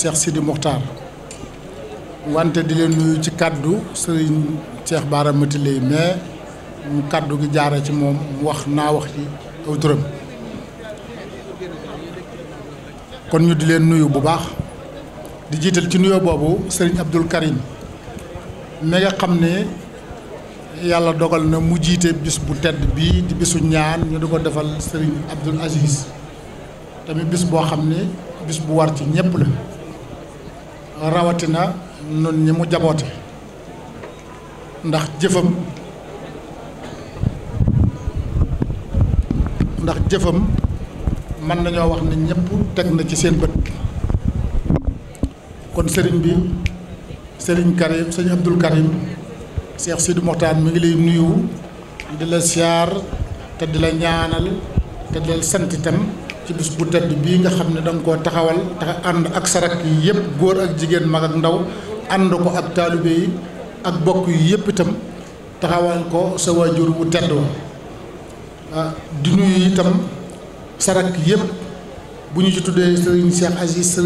Cheikh Sidi Mokhtar wante di leen nuyu ci kàddu sëriñ Cheikh Bara Mati Lay mais mu kàddu gi jaare ci moom mu wax naa wax ci aw turam kon ñu di leen nuyu bu baax di jiital ci nuyoo boobu sëriñ Abdul Karim mi nga xam ne yàlla dogal na mu jiite bis bu tedd bii di bisu ñaan ñu di ko defal sëriñ Abdul Aziz tamit bis boo xam ne bis bu war ci ñépp la rawatina nun ñi mu jaboote ndax jëfam ndax jëfam mën nañoo wax ne ñëpp teg na ci seen bët kon sëriñ bi sëriñ Karim sëriñ Abdul Karim Cheikh Sidou Mokhtar mi ngi lay nuyu di la siyaar te di la ñaanal te di la sant ci bis bu tedd bii nga xam ne da nga koo taxawal tax ànd ak sarak yi yëpp góor ak jigéen mag ak ndaw ànd ko ak taalibe yi ak bokk yi yépp itam taxawal ko sa waajur bu tedd wa ah, di nuyu itam sarak yëpp bu ñu ci tuddee sëriñ Cheikh Aziz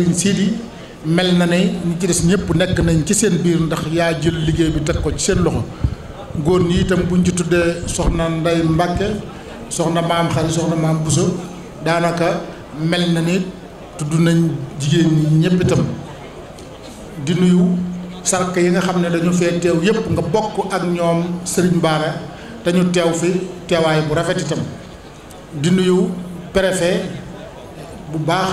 mel na ne ñi ci des ñëpp nekk nañ ci seen biir ndax yaa jël liggéey bi teg ko ci seen loxo góor ñi itam bu ñu ci tuddee soxna Ndey Mbàkke soxna maam xari soxna maam Bousso daanaka mel na ni tudd nañ jigéen ñi ñëpp itam di nuyu sarka yi nga xam ne dañu fee teew yëpp nga bokk ak ñoom Serigne Bara dañu teew fi teewaay bu rafet itam di nuyu préfet bu baax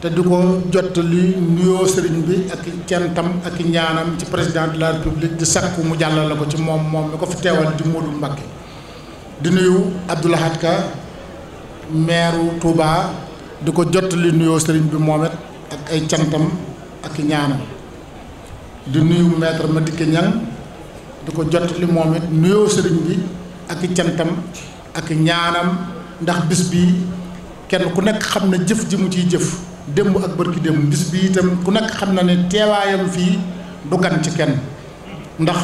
te di ko jot li nuyoo sëriñ bi ak centam ak ñaanam ci président de la république di sakku mu jàllale ko ci moom moom mi ko fi teewal di Modou Mbacké di nuyu Abdoulahat meeru Touba di ko jot li nuyoo sëriñ bi moom it ak ay cantam ak ñaanam di nuyu maître Madické Niang di ko jottali moom it nuyoo sëriñ bi ak i cantam ak ñaanam ndax bis bii kenn ku nekk xam na jëf ji mu ciy jëf démb ak bërki démb bis bi itam ku nekk xam na ne teewaayam fii du gan ci kenn ndax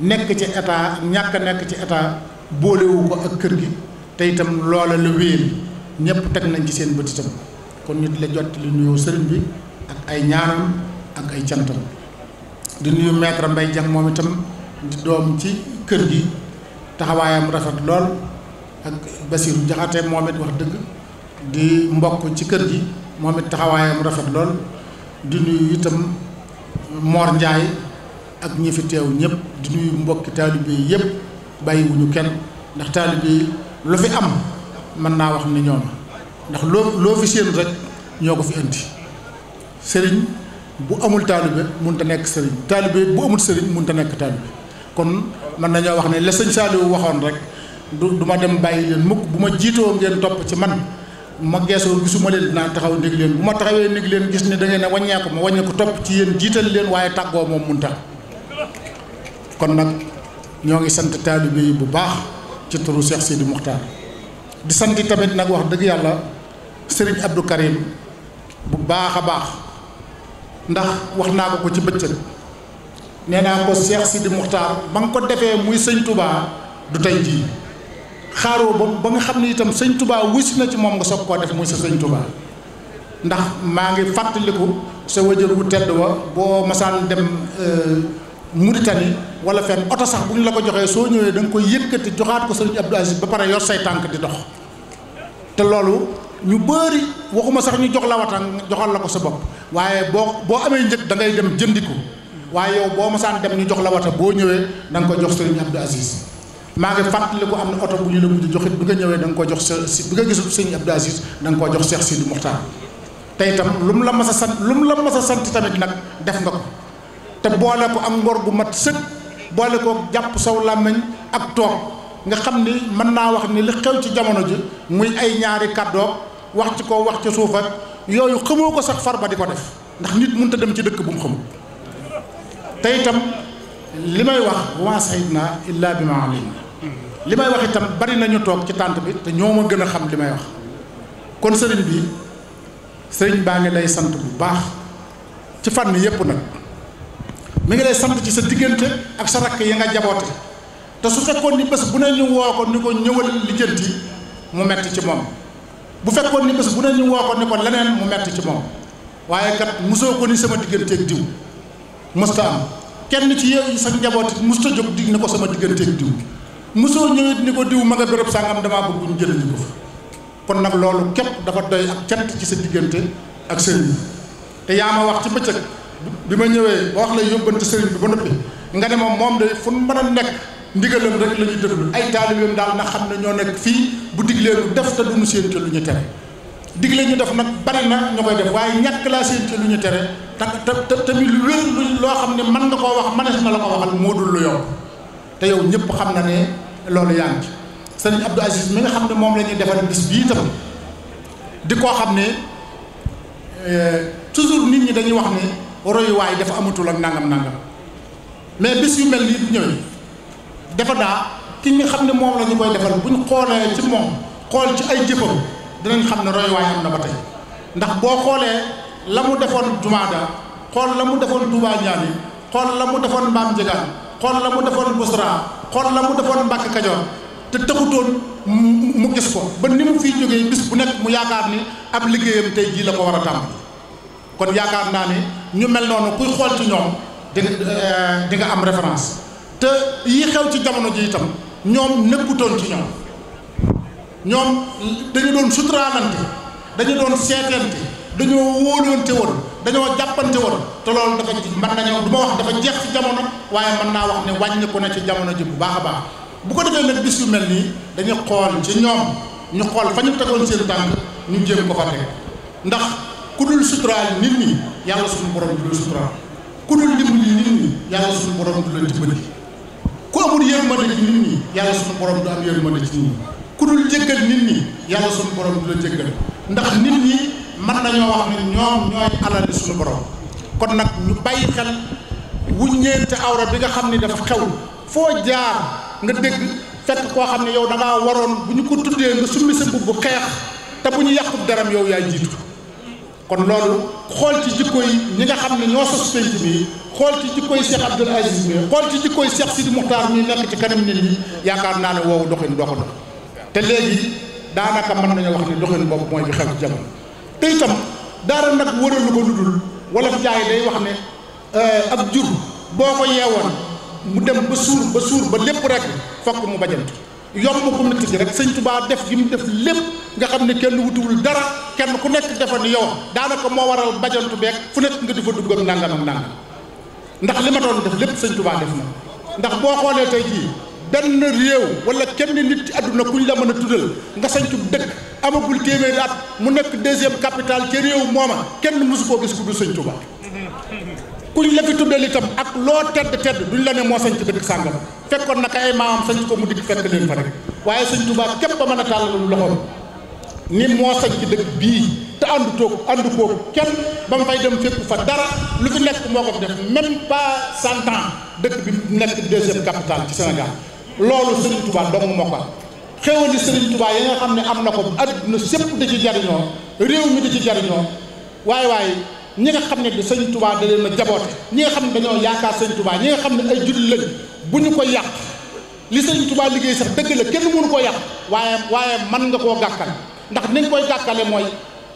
nekk ci état ñàkk nekk ci état boolewu ko ak kër gi te itam loola la wéyal ñëpp teg nañ ci seen bët itam kon ñu di la jot li nuyoo sëriñ bi ak ay ñaanam ak ay cantam di nuyu maître moom itam di doom ci kër gi taxawaayam rafet lool ak Basiru Jaxate moom it wax dëgg di mbokk ci kër gi moom it taxawaayam rafet lool di nuyu itam Mor Ndiaye ak ñi fi teew ñëpp di nuyu mbokki taalibe yi bàyyiwuñu kenn ndax taalibe lu fi am mën naa wax ni ñoom ndax loo loo fi séen rek ñoo ko fi indi sëriñ bu amul taalibe mun a nekk sëriñ taalibe bu amul sëriñ mënut a nekk taalibe kon mën nañoo wax ne la sëñ Saliou waxoon rek du duma dem bàyyi leen mukk bu ma jiitoo ngeen topp ci man ma geesoo gisuma leen dinaa taxaw ndég leen bu ma taxawee ndég leen gis ne da ngeen a wàññeeku ma wàññeeku topp ci yéen jiital leen waaye tàggoo moom mënut a kon nag ñoo ngi sant taalibe yi bu baax. ci turu Cheikh Sidi Muxtaar di sant tamit nag wax dëgg yàlla Serigne Abdou Karim bu baax a baax ndax wax naa ko ko ci bëccëg nee naa ko Cheikh Sidi Muxtaar ba nga ko defee muy sëñ Touba du tey jii xaaroo ba ba nga xam ne itam sëñ Touba wis na ci moom nga soog koo def muy sa sëñ Touba ndax maa ngi fàttaliku sa wajur wu tedd wa boo masaan dem. Euh, mu Mauritanie wala fenn oto sax bu ñu la ko joxee soo ñëwee da nga koy yëkkati joxaat ko sëriñ Abdou Aziz ba pare yor say tànk di dox te loolu ñu bëri waxuma sax ñu jox la watan joxal la ko sa bopp waaye boo boo amee njëg da ngay dem jëndi ko waaye yow boo masaan dem ñu jox la wata boo ñëwee da nga ko jox sëriñ Abdou Aziz maa ngi fàttaliku am na oto bu ñu la mujj joxit nga ñëwee da ko jox si bi nga gisul sëriñ Abdou Aziz da nga ko jox Cheikh Sidi Mokhtar te itam lu mu la mas a sant lu mu la mas a sant tamit nag def nga ko te boole ko am ngor gu mat sëkk boole ko jàpp saw làmmiñ ak toog nga xam ni mën naa wax ni li xew ci jamono ji muy ay ñaari kàddoo wax ci kaw wax ci suuf yooyu xamoo ko sax far ba di ko def ndax nit mënut a dem ci dëkk bum mu te itam li may wax waa sayid naa illaa bi ma alim li may wax itam bari nañu toog ci tànt bi te ñoo ma gën a xam li may wax kon sëriñ bi sëriñ baa ngi lay sant bu baax ci fànn yépp nag mi ngi lay sant ci sa diggante ak sa rakk ya nga jaboote te su fekkoon ni bés bu ne ñu woo ko ni ko ñëwal lijjanti mu metti ci moom bu fekkoon ni bés bu ne ñu woo ko ni ko leneen mu metti ci moom waaye kat mosoo ko ni sama digganteeg diw mësta am kenn ci yow sa njaboot mësta jóg di ni ko sama digganteeg diw mosoo ñëwit ni ko diw ma nga béréb sàngam damaa bëgg ñu jëlandi ko fa kon nag loolu képp dafa doy ak cant ci sa diggante ak sëriñ te yaa ma wax ci bëccëg bi ma ñëwee ba wax la yóbbante sëriñ bi ba noppi nga ne ma moom de fu mu mën a nekk ndigalam rek la ñuy déglu ay taalibeem daal na xam ne ñoo nekk fii bu diglee lu def te duñu séente lu ñu tere digle ñu def nag bari na ñu koy def waaye ñàkk laa séente lu ñu tere te te tamit lu loo xam ne mën nga koo wax mënees na la ko waxal moo dul lu yomb te yow ñëpp xam na ne loolu yaa ngi ci sëriñ Abdou Aziz mi nga xam ne moom la ñuy defal bis bii tam di koo xam ne euh, toujours nit ñi dañuy wax royuwaay dafa amatul ak nangam nangam mais bis yu mel nii ñooy dafa naa ki nga xam ne moom la ñu koy defal bu ñu xoolee ci moom xool ci ay jëfam dinañ xam ne royuwaay am na ba tey ndax boo xoolee la mu defoon jumaada xool la mu defoon Touba Ñaani xool la mu defoon Mbaam Njegaan xool la mu defoon Bosra xool la mu defoon Mbàkke Kajoor te taxutoon mu gis ko ba ni mu fiy jógee bis bu nekk mu yaakaar ni ab liggéeyam tey jii la ko war a tàmbali kon yaakaar naa ni ñu mel noonu kuy xool ci ñoom di euh, di nga am référence te yi xew ci jamono ji itam ñoom nekkutoon ci ñoom ñoom dañu doon suturaalante dañu doon seeteente dañoo wóolante woon dañoo jàppante woon te loolu dafa mën nañoo du ma wax dafa jeex ci jamono waaye mën naa wax ne wàññiku na ci jamono ji bu baax baax bu ko defee nag bis yu mel nii dañu xool ci ñoom ñu xool fa ñu tegoon seen tànk ñu jéem ko fa teg ndax ku dul suturaal nit ñi yàlla suñu borom du la suturaal ku dul dimbali nit la dimbali ku amul yërmande ci nit ñi yàlla suñu borom du am yërmande ci nit ñi ku dul jéggal nit ñi yàlla suñu borom du la jéggal ndax nit ñi man nañoo wax ne ñoom ñooy alali suñu borom kon nag ñu bàyyi xel wuññeente awra bi nga xam ni dafa xew foo jaar nga dégg fekk koo xam ne yow da ngaa waroon bu ñu ko tuddee nga summi sa mbubb bu xeex te bu ñu yàqub daram yow yaay jiitu kon loolu xool ci jikko yi ñi nga xam ne ñoo sos penc bi xool ci jikko yi Cheikh Abdoul Aziz mi xool ci jikko yi Cheikh Sidi Moukhtar mi nekk ci kanam nit ñi yaakaar naa ne woowu doxin doo ko dox te léegi daanaka mën nañu wax ni doxin boobu mooy bi xew ci jamono te itam daara nag wëralu ko ludul wolof jaay day wax ne euh, ab jur boo ko yeewoon mu dem ba suur ba suur ba lépp rek fokk mu bajantu yomb ko métti gi rek sëñ Tuubaa def gi mu def lépp nga xam ne kenn wutuwul dara kenn ku nekk defa ni yow daanaka moo waral bajantu beeg fu nekk nga di fa dugg ak nangam ndax li ma doon def lépp sañ Tuubaa def na ndax boo xoolee tey jii benn réew wala kenn nit ci àdduna ku ñu la mën a tuddal nga sañcu dëkk amagul téeméeri at mu nekk deuxième capitale ci réew mooma kenn mosu koo gis ku dul sëñ kuñ la fi tuddal itam ak loo tedd tedd duñ la ne moo sañ ci dëkk sàngam fekkoon naka ay maamam sañ ko mu digg fekk leen fa rek waaye sëñ Tuubaa képp ba mën a tàllal fay dem fépp fa dara lu fi nekk moo ko fi def même pas cent ans dëkk bi nekk deuxième capitale ci Sénégal loolu sëriñ Tuubaa dong moo ko xéwali sëriñ Tuubaa yi nga xam ne am na ko adduna sépp da ci jariñoo réew mi da ci jariñoo waaye waaye ñi nga xam ne du sëñ tubaa da leen a jaboote ñi nga xam ne dañoo yaakaar sëñ tubaa ñi nga xam ne ay jullit lañ bu ñu ko yàq li sëñ tubaa liggéey sax dëgg la kenn mënu koo yàq waaye waaye mën nga koo gàkkal ndax ni nga koy gàkkale mooy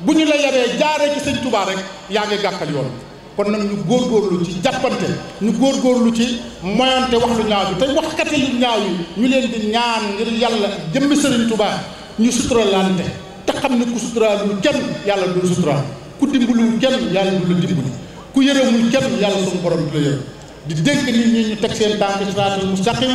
bu ñu la yaree jaaree ci sëñ tubaa rek yaa ngi gàkkal yoon kon nag ñu góorgóorlu ci jàppante ñu góorgóorlu ci moyante wax lu ñaaw bi te waxkate yu ñaaw yi ñu leen di ñaan ngir yàlla jëmmi sëriñ tubaa ñu suturalante te xam ne ku suturaal lu kenn yàlla du suturaal ku dimbaluwul kenn yàlla du la dimbali ku yërëmul kenn yàlla suñu borom du la yërëm di dénk nit ñi ñu teg seen tànk siraatal mustaqim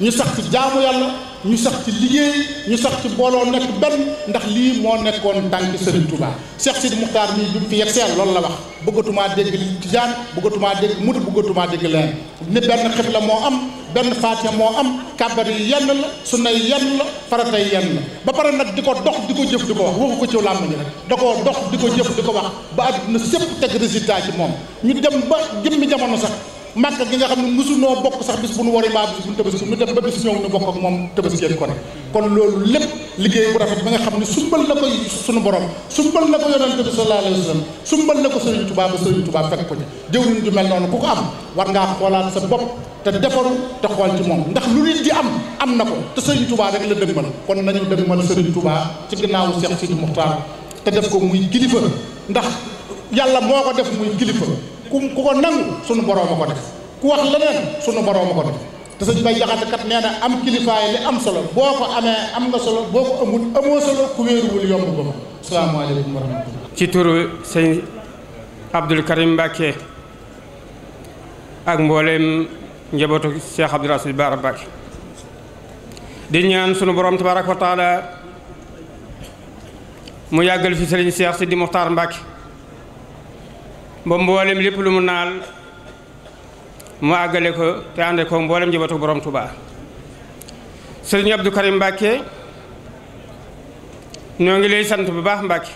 ñu sax ci jaamu yàlla ñu sax ci liggéey ñu sax ci mbooloo nekk benn ndax lii moo nekkoon tànk Serigne Touba Cheikh Sidi Moukhtar mii bi mu fi yegg seen loolu la wax bëggatumaa dégg tijaan bëggatumaa dégg mutu bëggatumaa dégg leen ne benn la moo am benn faatiha moo am kàbbar yi yenn la sunna yi yenn la farata yi yenn la ba pare nag di ko dox di ko jëf di ko wax waxu ko ci làmmiñ rek da koo dox di ko jëf di ko wax ba àdduna sépp teg résultat ci moom ñu dem ba jëmmi jamono sax màkk gi nga xam ne mosu noo bokk sax bis bu nu wari mbaa bis bu nu tabaski nu dem ba bis ñëw ñu bokk ak moom tabaskiyeen ko ne kon loolu lépp liggéey bu rafet ba nga xam ne sumbal na ko suñu borom sumbal na ko yonente bi sallallahu alayhi wa sallam sumbal na ko Sëriñ Tuubaa ba Sëriñ Tuubaa fekk ko ci mel noonu ku ko am war ngaa xoolaat sa bopp te defaru te xool ci moom ndax lu nit di am am na ko te Sëriñ Tuubaa rek la dëgmal kon nañu dëgmal Sëriñ Tuubaa ci ginnaawu Cheikh Sidi Muxtaar te def ko muy kilifa ndax yàlla moo ko def muy kilifa ku ku ko nangu sunu borom a ko def ku wax leneen sunu borom a ko def te sëñ Bay kat nee na am kilifaay li am solo boo ko amee am nga solo boo ko amul amoo solo ku wéeruwul yomb ba ma salaamaaleykum wa rahmatullah ci turu sëñ Abdul Karim Mbacke ak mbooleem njabootu Cheikh Abdoul Aziz Bara Mbacke di ñaan sunu borom tabaaraka wa taala mu yàggal fi sëriñ Cheikh Sidi Mokhtar Mbacke ba mboolem lépp lu mu naal mu àggale ko te ànd ko mboolem njabootu borom Touba sëriñ Abdou Karim Mbacke ñoo ngi lay sant bu baax Mbacke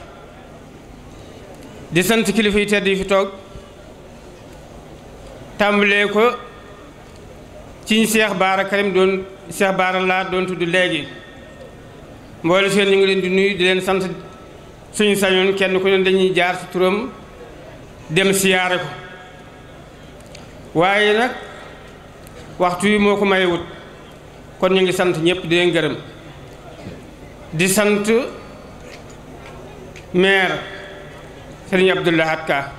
di sant kilifa yi tedd yi fi toog tàmbalee ko ci Cheikh Baara Karim doon seex Baara laa doon tudd léegi mboole seen ñu ngi leen di nuyu di leen sant suñu sañoon kenn ku ne dañuy jaar si turam. dem siyaare ko waaye nag waxtu wi moo ko mayewut kon ñu ngi sant ñëpp di leen gërëm di sant maire sëriñ Abdoulahat Ka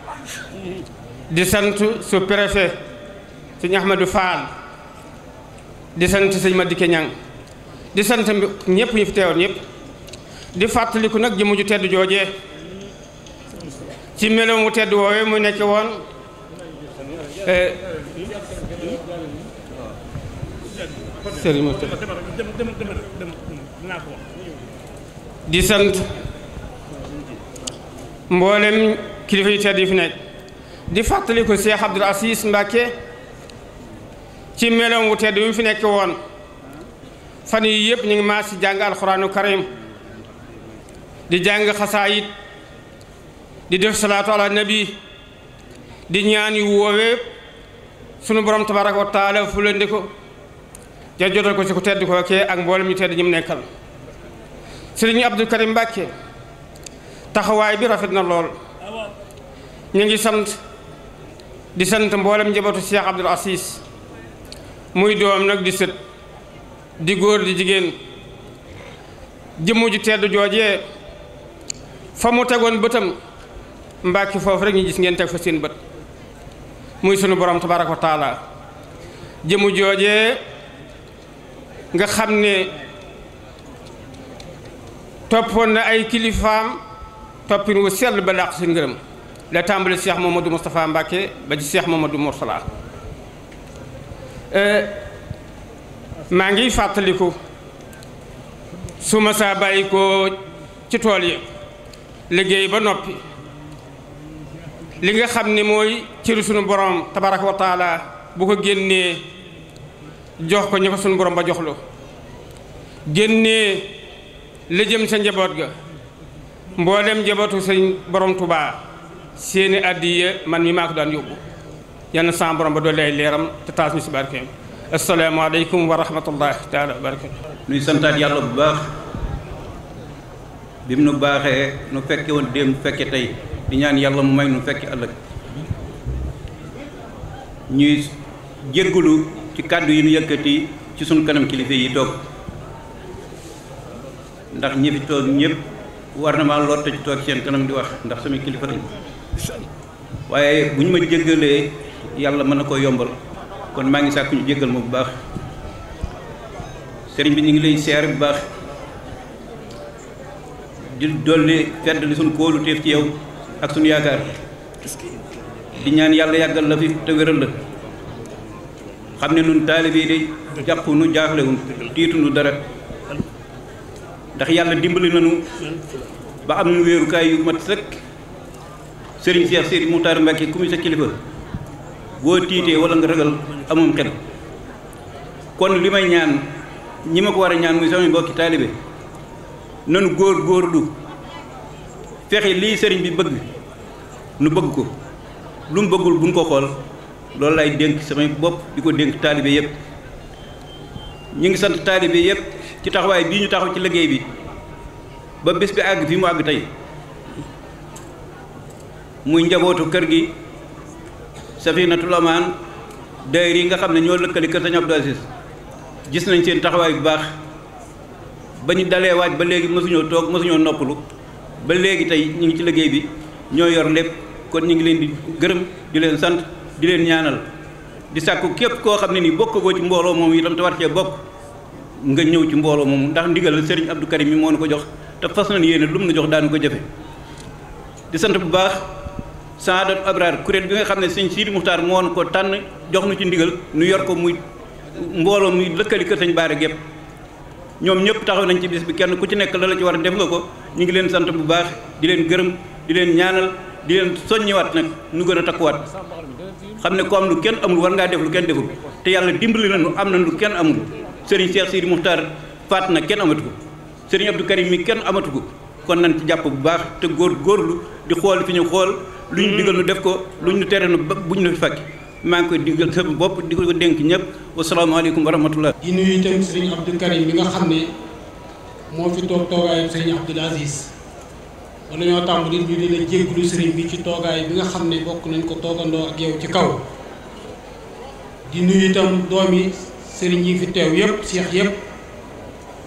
di sant su préfet sëñ Ahmadou Fall di sant sëñ Madické Niang di sant ñëpp ñu fi teewoon ñëpp di fàttaliku nag jëmm ju tedd joojee ci melo mu tedd woowee mu nekk woon eh, sëriñ di sant mboolem kilifa yu tedd yi fi nekk di fàttali ko Cheikh Abdoul Aziz ci meloom wu tedd wi mu fi nekke woon fan yii yëpp ñu ngi maas ci jàng alxuraanu karim di jàng xasaayit di def salaatu ala nabi di ñaan yu woowee sunu boroom tabaraka wa taala fu leen di ko jajjotal ko ci ku tedd ko kee ak mboolem ñu tedd ñi mu nekkal sëriñ Abdou Karim Mbàkke taxawaay bi rafet na lool ñu ngi sant di sant mboolem njabootu Cheikh Abdoul Aziz muy doom nag di sët di góor di jigéen jëmm ju tedd joojee fa mu tegoon bëtam Mbàkke foofu rek ñu gis ngeen teg fa seen bët muy sunu borom tabaaraka wa taala joojee nga xam ne toppoon na ay kilifaam toppin wu sell ba làq si ngërëm la tàmbali Cheikh Mamadou Moustapha Mbacke ba ci Cheikh Mamadou Moursala euh, maa ngi fàttaliku su ma saa bàyyi ci tool yi liggéey ba noppi li nga xam ni mooy cër sunu borom tabaraka wa taala bu ko génnee jox ko ña ko sunu borom ba jox joxlu génnee la jëm sa njaboot ga mboolem njabootu sëñ borom tubaa seeni addiya man mi maa ko daan yóbbu yal na sa borom ba doole ay leeram te taas ñu si barkeem asalaamaaleykum wa rahmatullahi taala wa barakatu nuy santaat yàlla bu baax bi mu nu baaxee nu fekke woon démb fekke tey di ñaan yàlla mu may nu fekk ëllëg ñuy jéggulu ci kàddu yi nu yëkkati ci sunu kanam kilifa yi toog ndax ñi fi toog ñëpp war na ma lotta ci toog seen kanam di wax ndax sama kilifa lañ waaye bu ñu ma jéggalee yàlla mën na ko yombal kon maa ngi sàkku ñu jéggal ma bu baax sëriñ bi ñu ngi lay seer bu baax di dolli fedd li suñ koolu téef ci yow ak sunu yaakaar di ñaan yàlla yàggal la fi te wéral la xam ne nun taalibe yi day nu jaaxlewun tiitu nu dara ndax yàlla dimbali nanu ba am nu wéerukaay yu mat sëkk sëriñ Cheikh Sëriñ Muxtaar Mbàkke ku muy sa kilifa boo tiitee wala nga ragal amum xel kon li may ñaan ñi ma ko war a ñaan muy sama mbokki taalibe nanu góor góorlu fexe lii sëriñ bi bëgg nu bëgg ko lu mu bëggul buñ ko xool loolu lay dénk samay bopp di ko dénk taalibe yëpp ñu ngi sant taalibe yépp ci taxawaay bii ñu taxaw ci liggéey bi ba bés bi àgg fii mu àgg tey muy njabootu kër gi Safinatul Amaan daayira nga xam ne ñoo lëkkali kër Sëñ Abdou gis nañ seen taxawaay bu baax ba ñu dalee waaj ba léegi mësuñoo toog mësuñoo noppalu ba léegi tey ñu ngi ci liggéey bi ñoo yor lépp kon ñu ngi leen di gërëm di leen sant di leen ñaanal di sàkku képp koo xam ne ni bokk ko ci mbooloo moom itam te war cee bokk nga ñëw ci mbooloo moom ndax ndigal Serigne Abdou Karim mi moo nu ko jox te fas nañ yéene lu mu jox daanu ko jëfe di sant bu baax Saadatul Abraar kuréel bi nga xam ne sëñ Sidi Muxtaar moo nu ko tànn jox nu ci ndigal nu yor ko muy mbooloo muy lëkkali kër sëñ Baara gépp ñoom ñëpp taxaw nañ ci bis bi kenn ku ci nekk la la ci war a def nga ko ñu ngi leen sant bu baax di leen gërëm di leen ñaanal di leen soññiwaat nag nu gën a takkuwaat xam ne ko am lu kenn amul war ngaa def lu kenn deful te yàlla dimbali nañu am na lu kenn amul Serigne Cheikh Sidi Moukhtar faat na kenn amatu ko Serigne Abdou mi kenn amatu ko kon nañ ci jàpp bu baax te góor góorlu di xool fi ñu xool lu ñu digal nu def ko lu ñu tere nu bu ñu fi fàkki maa ngi koy digal sama bopp di ko denk ñëpp wasalaamaaleykum wa rahmatullah di nuyu itam Serigne Abdou Karim mi xam ne moo fi toog toogaayu wala ñoo tàmbali ñu di la jégglu sëriñ bi ci toogaay bi nga xam ne bokk nañ ko toogandoo ak yow ci kaw di nuyu itam doom yi sëriñ yi fi teew yëpp seex yëpp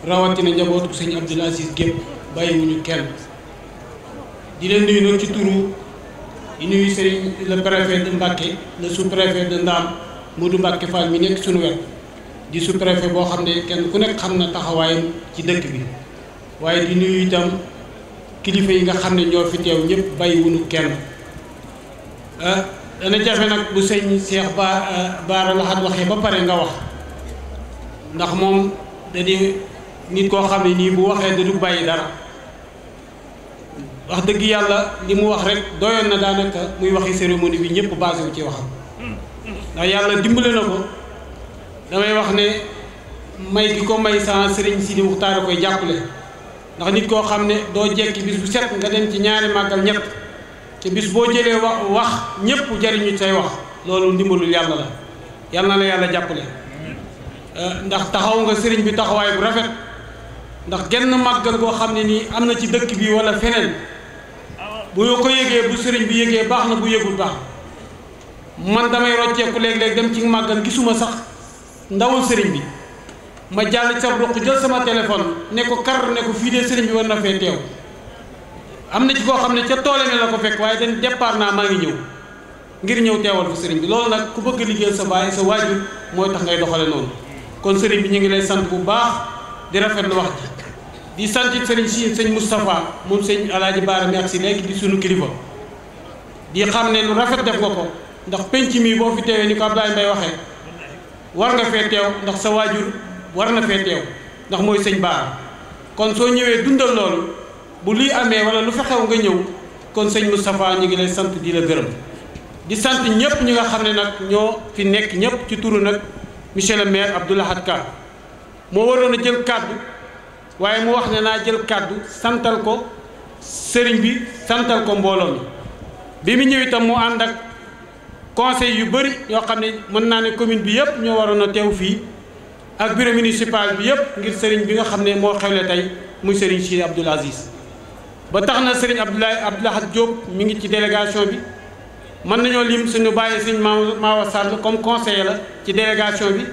rawatina njabootu sëñ Abdoul Aziz gépp bàyyiwuñu kenn di leen nuyu nag ci turu di nuyu sëriñ le préfet de Mbacké le sous préfet de Ndam Modou Mbacké Fall mi nekk suñu wet di sous boo xam ne kenn ku nekk xam na taxawaayam ci dëkk bi waaye di nuyu itam kilifa yi nga xam ne ñoo fi teew ñëpp bàyyiwuñu kenn ah, dana jafe nag bu sëñ seex Ba ah, Baara Lahat waxee ba pare nga wax ndax moom da di nit koo xam ne nii bu waxee da du bàyyi dara wax dëgg yàlla li mu wax rek doyoon na daanaka muy waxi cérémonie bi ñëpp basé wu ci waxam ndax yàlla dimbale na ko damay wax ne may gi ko may sans sëriñ Sidi Muxtaar a koy jàppale. ndax nit koo xam ne doo jekki bis bu set nga dem ci ñaari màggal ñett te bis boo jëlee wax wax ñëpp jariñu say wax loolu ndimbalul yàlla la yàlla na la yàlla jàppale euh, ndax taxaw nga sëriñ bi taxawaay bu rafet ndax genn màggal goo xam ne nii am na ci dëkk bi wala feneen bu ko yëgee bu sëriñ bi yëgee baax na bu yëgul baax man damay rocceeku léeg-léeg dem ci màggal gisuma sax ndawul sëriñ bi ma jàll ca ruq jël sama téléphone ne ko kar ne ko fii de sëriñ bi war na fee teew am na ci koo xam ne ca toole ne la ko fekk waaye dañ départ naa maa ngi ñëw ngir ñëw teewal fi sëriñ bi loolu nag ku bëgg liggéeyal sa baay sa waajur mooy tax ngay doxale noonu kon sëriñ bi ñu ngi lay sant bu baax di rafet lu wax ji di sant sëriñ si sëñ Moustapha moom sëñ Alaaji Baara mi ak si léegi di suñu kilifa di xam ne lu rafet def nga ko ndax penc mi boo fi ni ko Abdoulaye waxee war nga fee ndax sa waajur war na fee teew ndax mooy sëñ Baara kon soo ñëwee dundal loolu bu luy amee wala lu fa xew nga ñëw kon sëñ Moustapha ñu ngi lay sant di la gërëm di sant ñëpp ñi nga xam ne nag ñoo fi nekk ñëpp ci turu nag monsieur le maire Abdou Lahad Ka moo waroon a jël kàddu waaye mu wax ne naa jël kàddu santal ko sëriñ bi santal ko mbooloo mi bi mu ñëw itam mu ànd ak conseil yu bari ñoo xam ne mën naa ne commune bi yëpp ñoo waroon a teew fii ak bureau municipal bi yëpp ngir sëriñ bi nga xam ne moo xewle tey muy sëriñ Sidi Abdoul Aziz ba tax na sëriñ Abdoulaye Abdoulahat Diop mu ngi ci délégation bi mën nañoo lim suñu bàyyi sëriñ Maawa Sall comme conseiller la ci délégation bi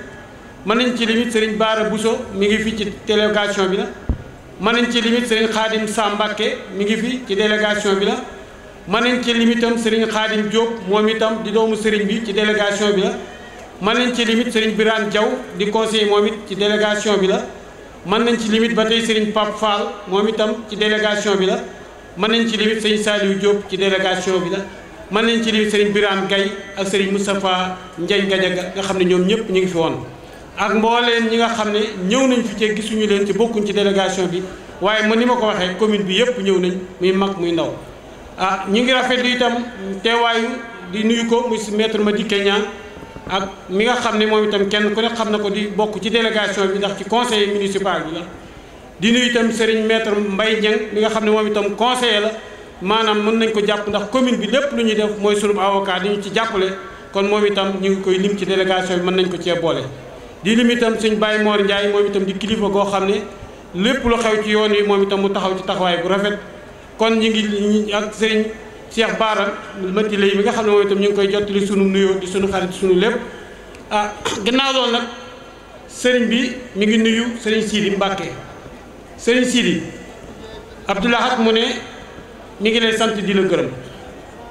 mën nañ ci limit sëriñ Baara Bousso mi ngi fi ci délégation bi la mën nañ ci limit sëriñ Xaadim Sambake mi ngi fi ci délégation bi la mën nañ ci limitam sëriñ Xaadim Diop moom itam di doomu sëriñ bi ci délégation bi la mën nañ ci limite Serigne Birane jaw di conseiller moom it ci délégation bi la man nañ ci limite ba tey seriñ Pape Fall moom itam ci délégation bi la mën nañ ci limite Serigne Saliou Diop ci délégation bi la mën nañ ci limite Serigne Birane Gaye ak Serigne Moustapha Ndiaye Gadiaga nga xam ne ñoom ñëpp ñu ngi fi woon ak leen ñi nga xam ne ñëw nañ fi ci gisuñu leen ci bokkuñ ci délégation bi waaye man ni ma ko waxee commune bi yëpp ñëw nañ muy mag muy ndaw ah ñu nuyu ko muy maître Madické Niang ak mi nga xam ne moom itam kenn ku ne xam na ko di bokk ci délégation bi ndax ci conseil municipal bi la di nuyu itam sëriñ maître Mbaye Dieng mi nga xam ne moom itam conseiller la maanaam mën nañ ko jàpp ndax commune bi lépp lu ñu def mooy sunu avocat di ñu ci jàppale kon moom itam ñu ngi koy lim ci délégation bi mën nañ ko cee boole. di lim itam suñ Baye Mor Ndiaye moom itam di kilifa goo xam ne lépp lu xew ci yoon yi moom itam mu taxaw ci taxawaay bu rafet kon Cheikh Baara mati lay mi nga xam ne mooy itam ñu ngi koy jottali sunu nuyoo di sunu xarit sunu lépp ah gannaaw loolu nag sëriñ bi mi ngi nuyu sëriñ Sidi Mbàkke sëriñ Sidi Abdoulahat mu ne mi ngi lay sant di la gërëm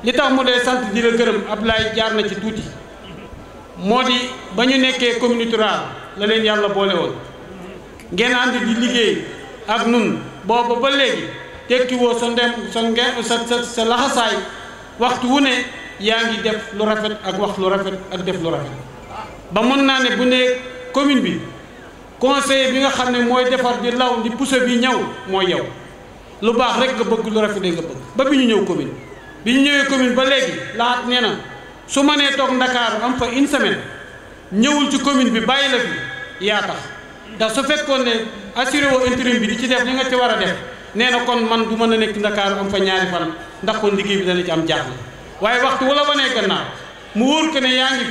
li tax mu lay sant di la gërëm Abdoulaye jaar na ci tuuti moo di ba ñu nekkee communauté rurale la leen yàlla boole woon ngeen ànd di liggéey ak nun booba ba léegi tekki woo sa ndem sa nge sa sa sa laxasaay waxtu wu ne yaa ngi def lu rafet ak wax lu rafet ak def lu rafet ba mën naa ne bu ne commune bi conseiller bi nga xam ne mooy defar di law li puso bi ñaw mooy yow lu baax rek nga bëgg lu rafet nga bëgg ba bi ñu ñëw commune bi ñu ñëwee commune ba léegi laat nee na su ma nee toog Ndakaaru am fa une semaine ñëwul ci commune bi bàyyi la fi yaa tax ndax su fekkoon ne assuré woo intérim bi di ci def li nga ci war a def nee na kon man du mën a nekk Ndakaaru am fa ñaari fan ndax kon liggéey bi dana ci am jàmm waaye waxtu wala wanee gannaaw mu wóor ko ne yaa ngi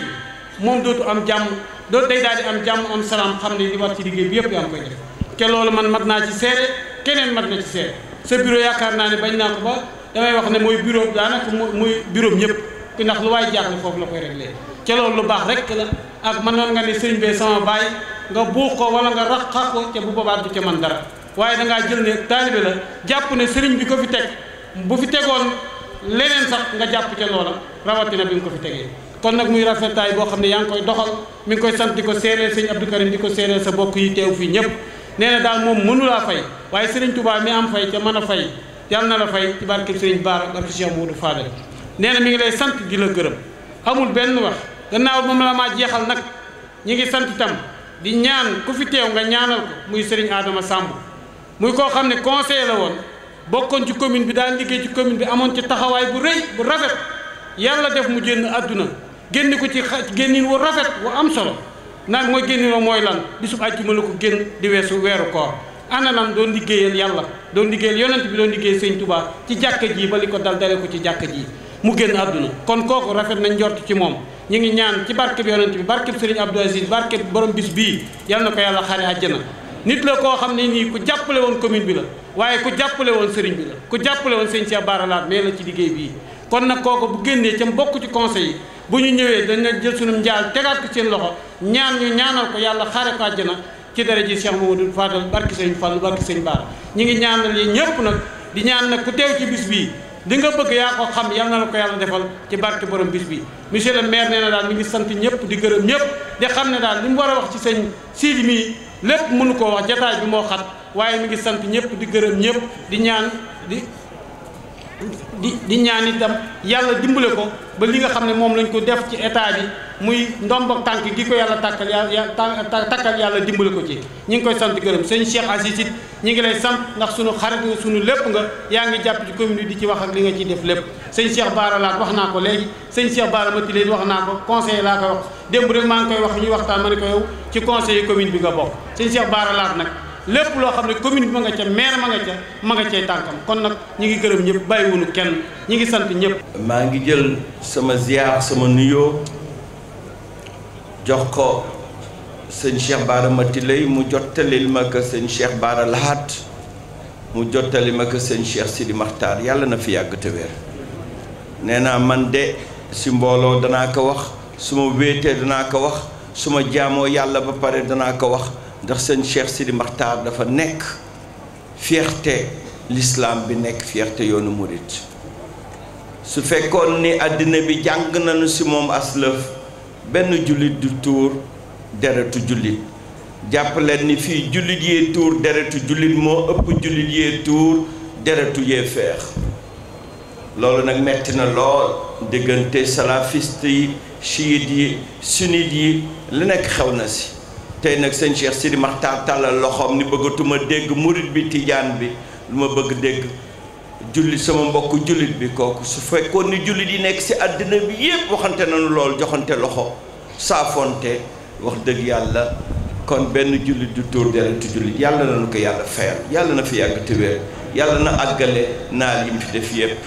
fi moom dootu am jàmm dootu day daal di am jàmm am salaam xam ne li war ci liggéey bi yëpp am koy def te loolu man mat naa ci seede keneen mat na ci seede sa bureau yaakaar naa ne bañ naa ko ba damay wax ne mooy bureau daanaka muy bureau ñëpp ndax lu waay jaaxle foofu la koy réglé ca loolu lu baax rek la ak mënoon nga ne sëñ bee sama baay nga buux ko wala nga rax xax ko ca du ca man dara waaye dangaa ngaa jël ne taalibe la jàpp ne sëriñ bi ko fi teg bu fi tegoon leneen sax nga jàpp ca loola rawatina bi nga ko fi tegee kon nag muy rafetaay boo xam ne yaa ngi koy doxal mi ngi koy sant di ko séeréer sëñ Abdou Karim di ko séeréer sa bokk yi teew fii ñëpp nee na daal moom mënulaa fay waaye sëriñ Touba mi am fay ca mën a fay yàlla na la fay ci barkeb sëriñ Baara ak Cheikh Moudou Fadel nee na mi ngi lay sant di la gërëm amul benn wax gannaaw moom la maa jeexal nag ñi ngi sant itam di ñaan ku fi nga ñaanal muy sëriñ Adama Samb muy koo xam ne conseiller la woon bokkoon ci commune bi daal liggéey ci commune bi amoon ci taxawaay bu rëy bu rafet yàlla def mu génn àdduna génn ko ci génnin wu rafet wu am solo nag mooy génnin wa mooy lan bisub àjjuma la ko génn di weesu weeru koor ananam doon liggéeyal yàlla doon liggéeyal yonent bi doon liggéeyal sëñ Tuubaa ci jàkka ji ba li ko dal ko ci jàkka ji mu génn àdduna kon kooku rafet nañ njort ci moom ñu ngi ñaan ci barke bi yonent bi barke bi sëriñ Abdou nit la koo xam ne nii ku jàppale woon commune bi la waaye ku jàppale woon sëriñ bi la ku jàppale woon sëñ Cheikh Bara Lahat mais la ci liggéey bii kon nag kooku bu génnee ca mbokk ci conseil yi bu ñu ñëwee dañ na jël sunu njaal tegaat ko seen loxo ñaan ñu ñaanal ko yàlla xaare ko àjjana ci dara ji Cheikh Mamadou Fadal barki sëñ Fall barki sëñ Bara ñi ngi ñaanal yi ñëpp nag di ñaan nag ku teew ci bis bii li nga bëgg yaa ko xam yal na la ko yàlla defal ci barke borom bis bi monsieur le maire nee na daal mi ngi sant ñëpp di gërëm ñëpp di xam ne daal li mu war a wax ci sëñ Sidi mii lépp mënu koo wax jataay bi moo xat waaye mi ngi sant ñëpp di gërëm ñëpp di ñaan di di di ñaan itam yàlla dimbale ko ba li nga xam ne moom lañ ko def ci état bi muy ndomba tànk gi ko yàlla takkal yàlla takkal yàlla dimbale ko ci ñi ngi koy sant gërëm sëñ Cheikh Aziz it ñi ngi lay sant ndax suñu xarit nga suñu lépp nga yaa ngi jàpp ci commune di ci wax ak li nga ci def lépp sëñ Cheikh Baara Laat wax naa ko léegi sëñ Cheikh Baara Mati leen wax naa ko conseiller laa koy wax démb rek maa ngi koy wax ñuy waxtaan ma ne ko yow ci conseiller commune bi nga bokk sëñ lépp loo xam ne commune bi ma nga ca maire ma nga ca ma nga cay tànkam kon nag ñi ngi gërëm ñëpp bàyyiwunu kenn ñi ngi sant ñëpp maa ngi jël sama ziar sama nuyoo jox ko sëñ Cheikh Bara Matiley mu jottalil ma ko sëñ Cheikh Bara Lahat mu jottali ma ko sëñ Cheikh Sidi Maxtaar yàlla na fi yàgg te nee naa man de si mbooloo danaa ko wax su ma wéetee danaa ko wax su ma jaamoo yàlla ba pare danaa ko wax ndax sëñ Cheikh Sidi dafa nekk fierté lislaam bi nekk fierté yoonu murit su fekkoon ni àddina bi jàng nañu ci moom aslëf benn jullit du tuur deretu jullit jàpp leen ni fii jullit yee tuur deretu jullit moo ëpp jullit yee tuur deretu yee feex loolu nag metti na lool diggante salafiste yi chiite yi sunnite yi li nekk xew na ci tey nag sëñ Cheikh Sidi Maxtaar tàllal loxoom ni bëggatuma dégg murit bi tijaan bi lu ma bëgg dégg jullit sama mbokk jullit bi kooku su fekkoon ni jullit yi nekk ci àddina bi yépp waxante nañu lool joxante loxo saafonte wax dëgg yàlla kon benn jullit du tuur deretu jullit yàlla nañu ko yàlla fayal yàlla na fi yàgg te yàlla na àggale naal yi mu fi def yépp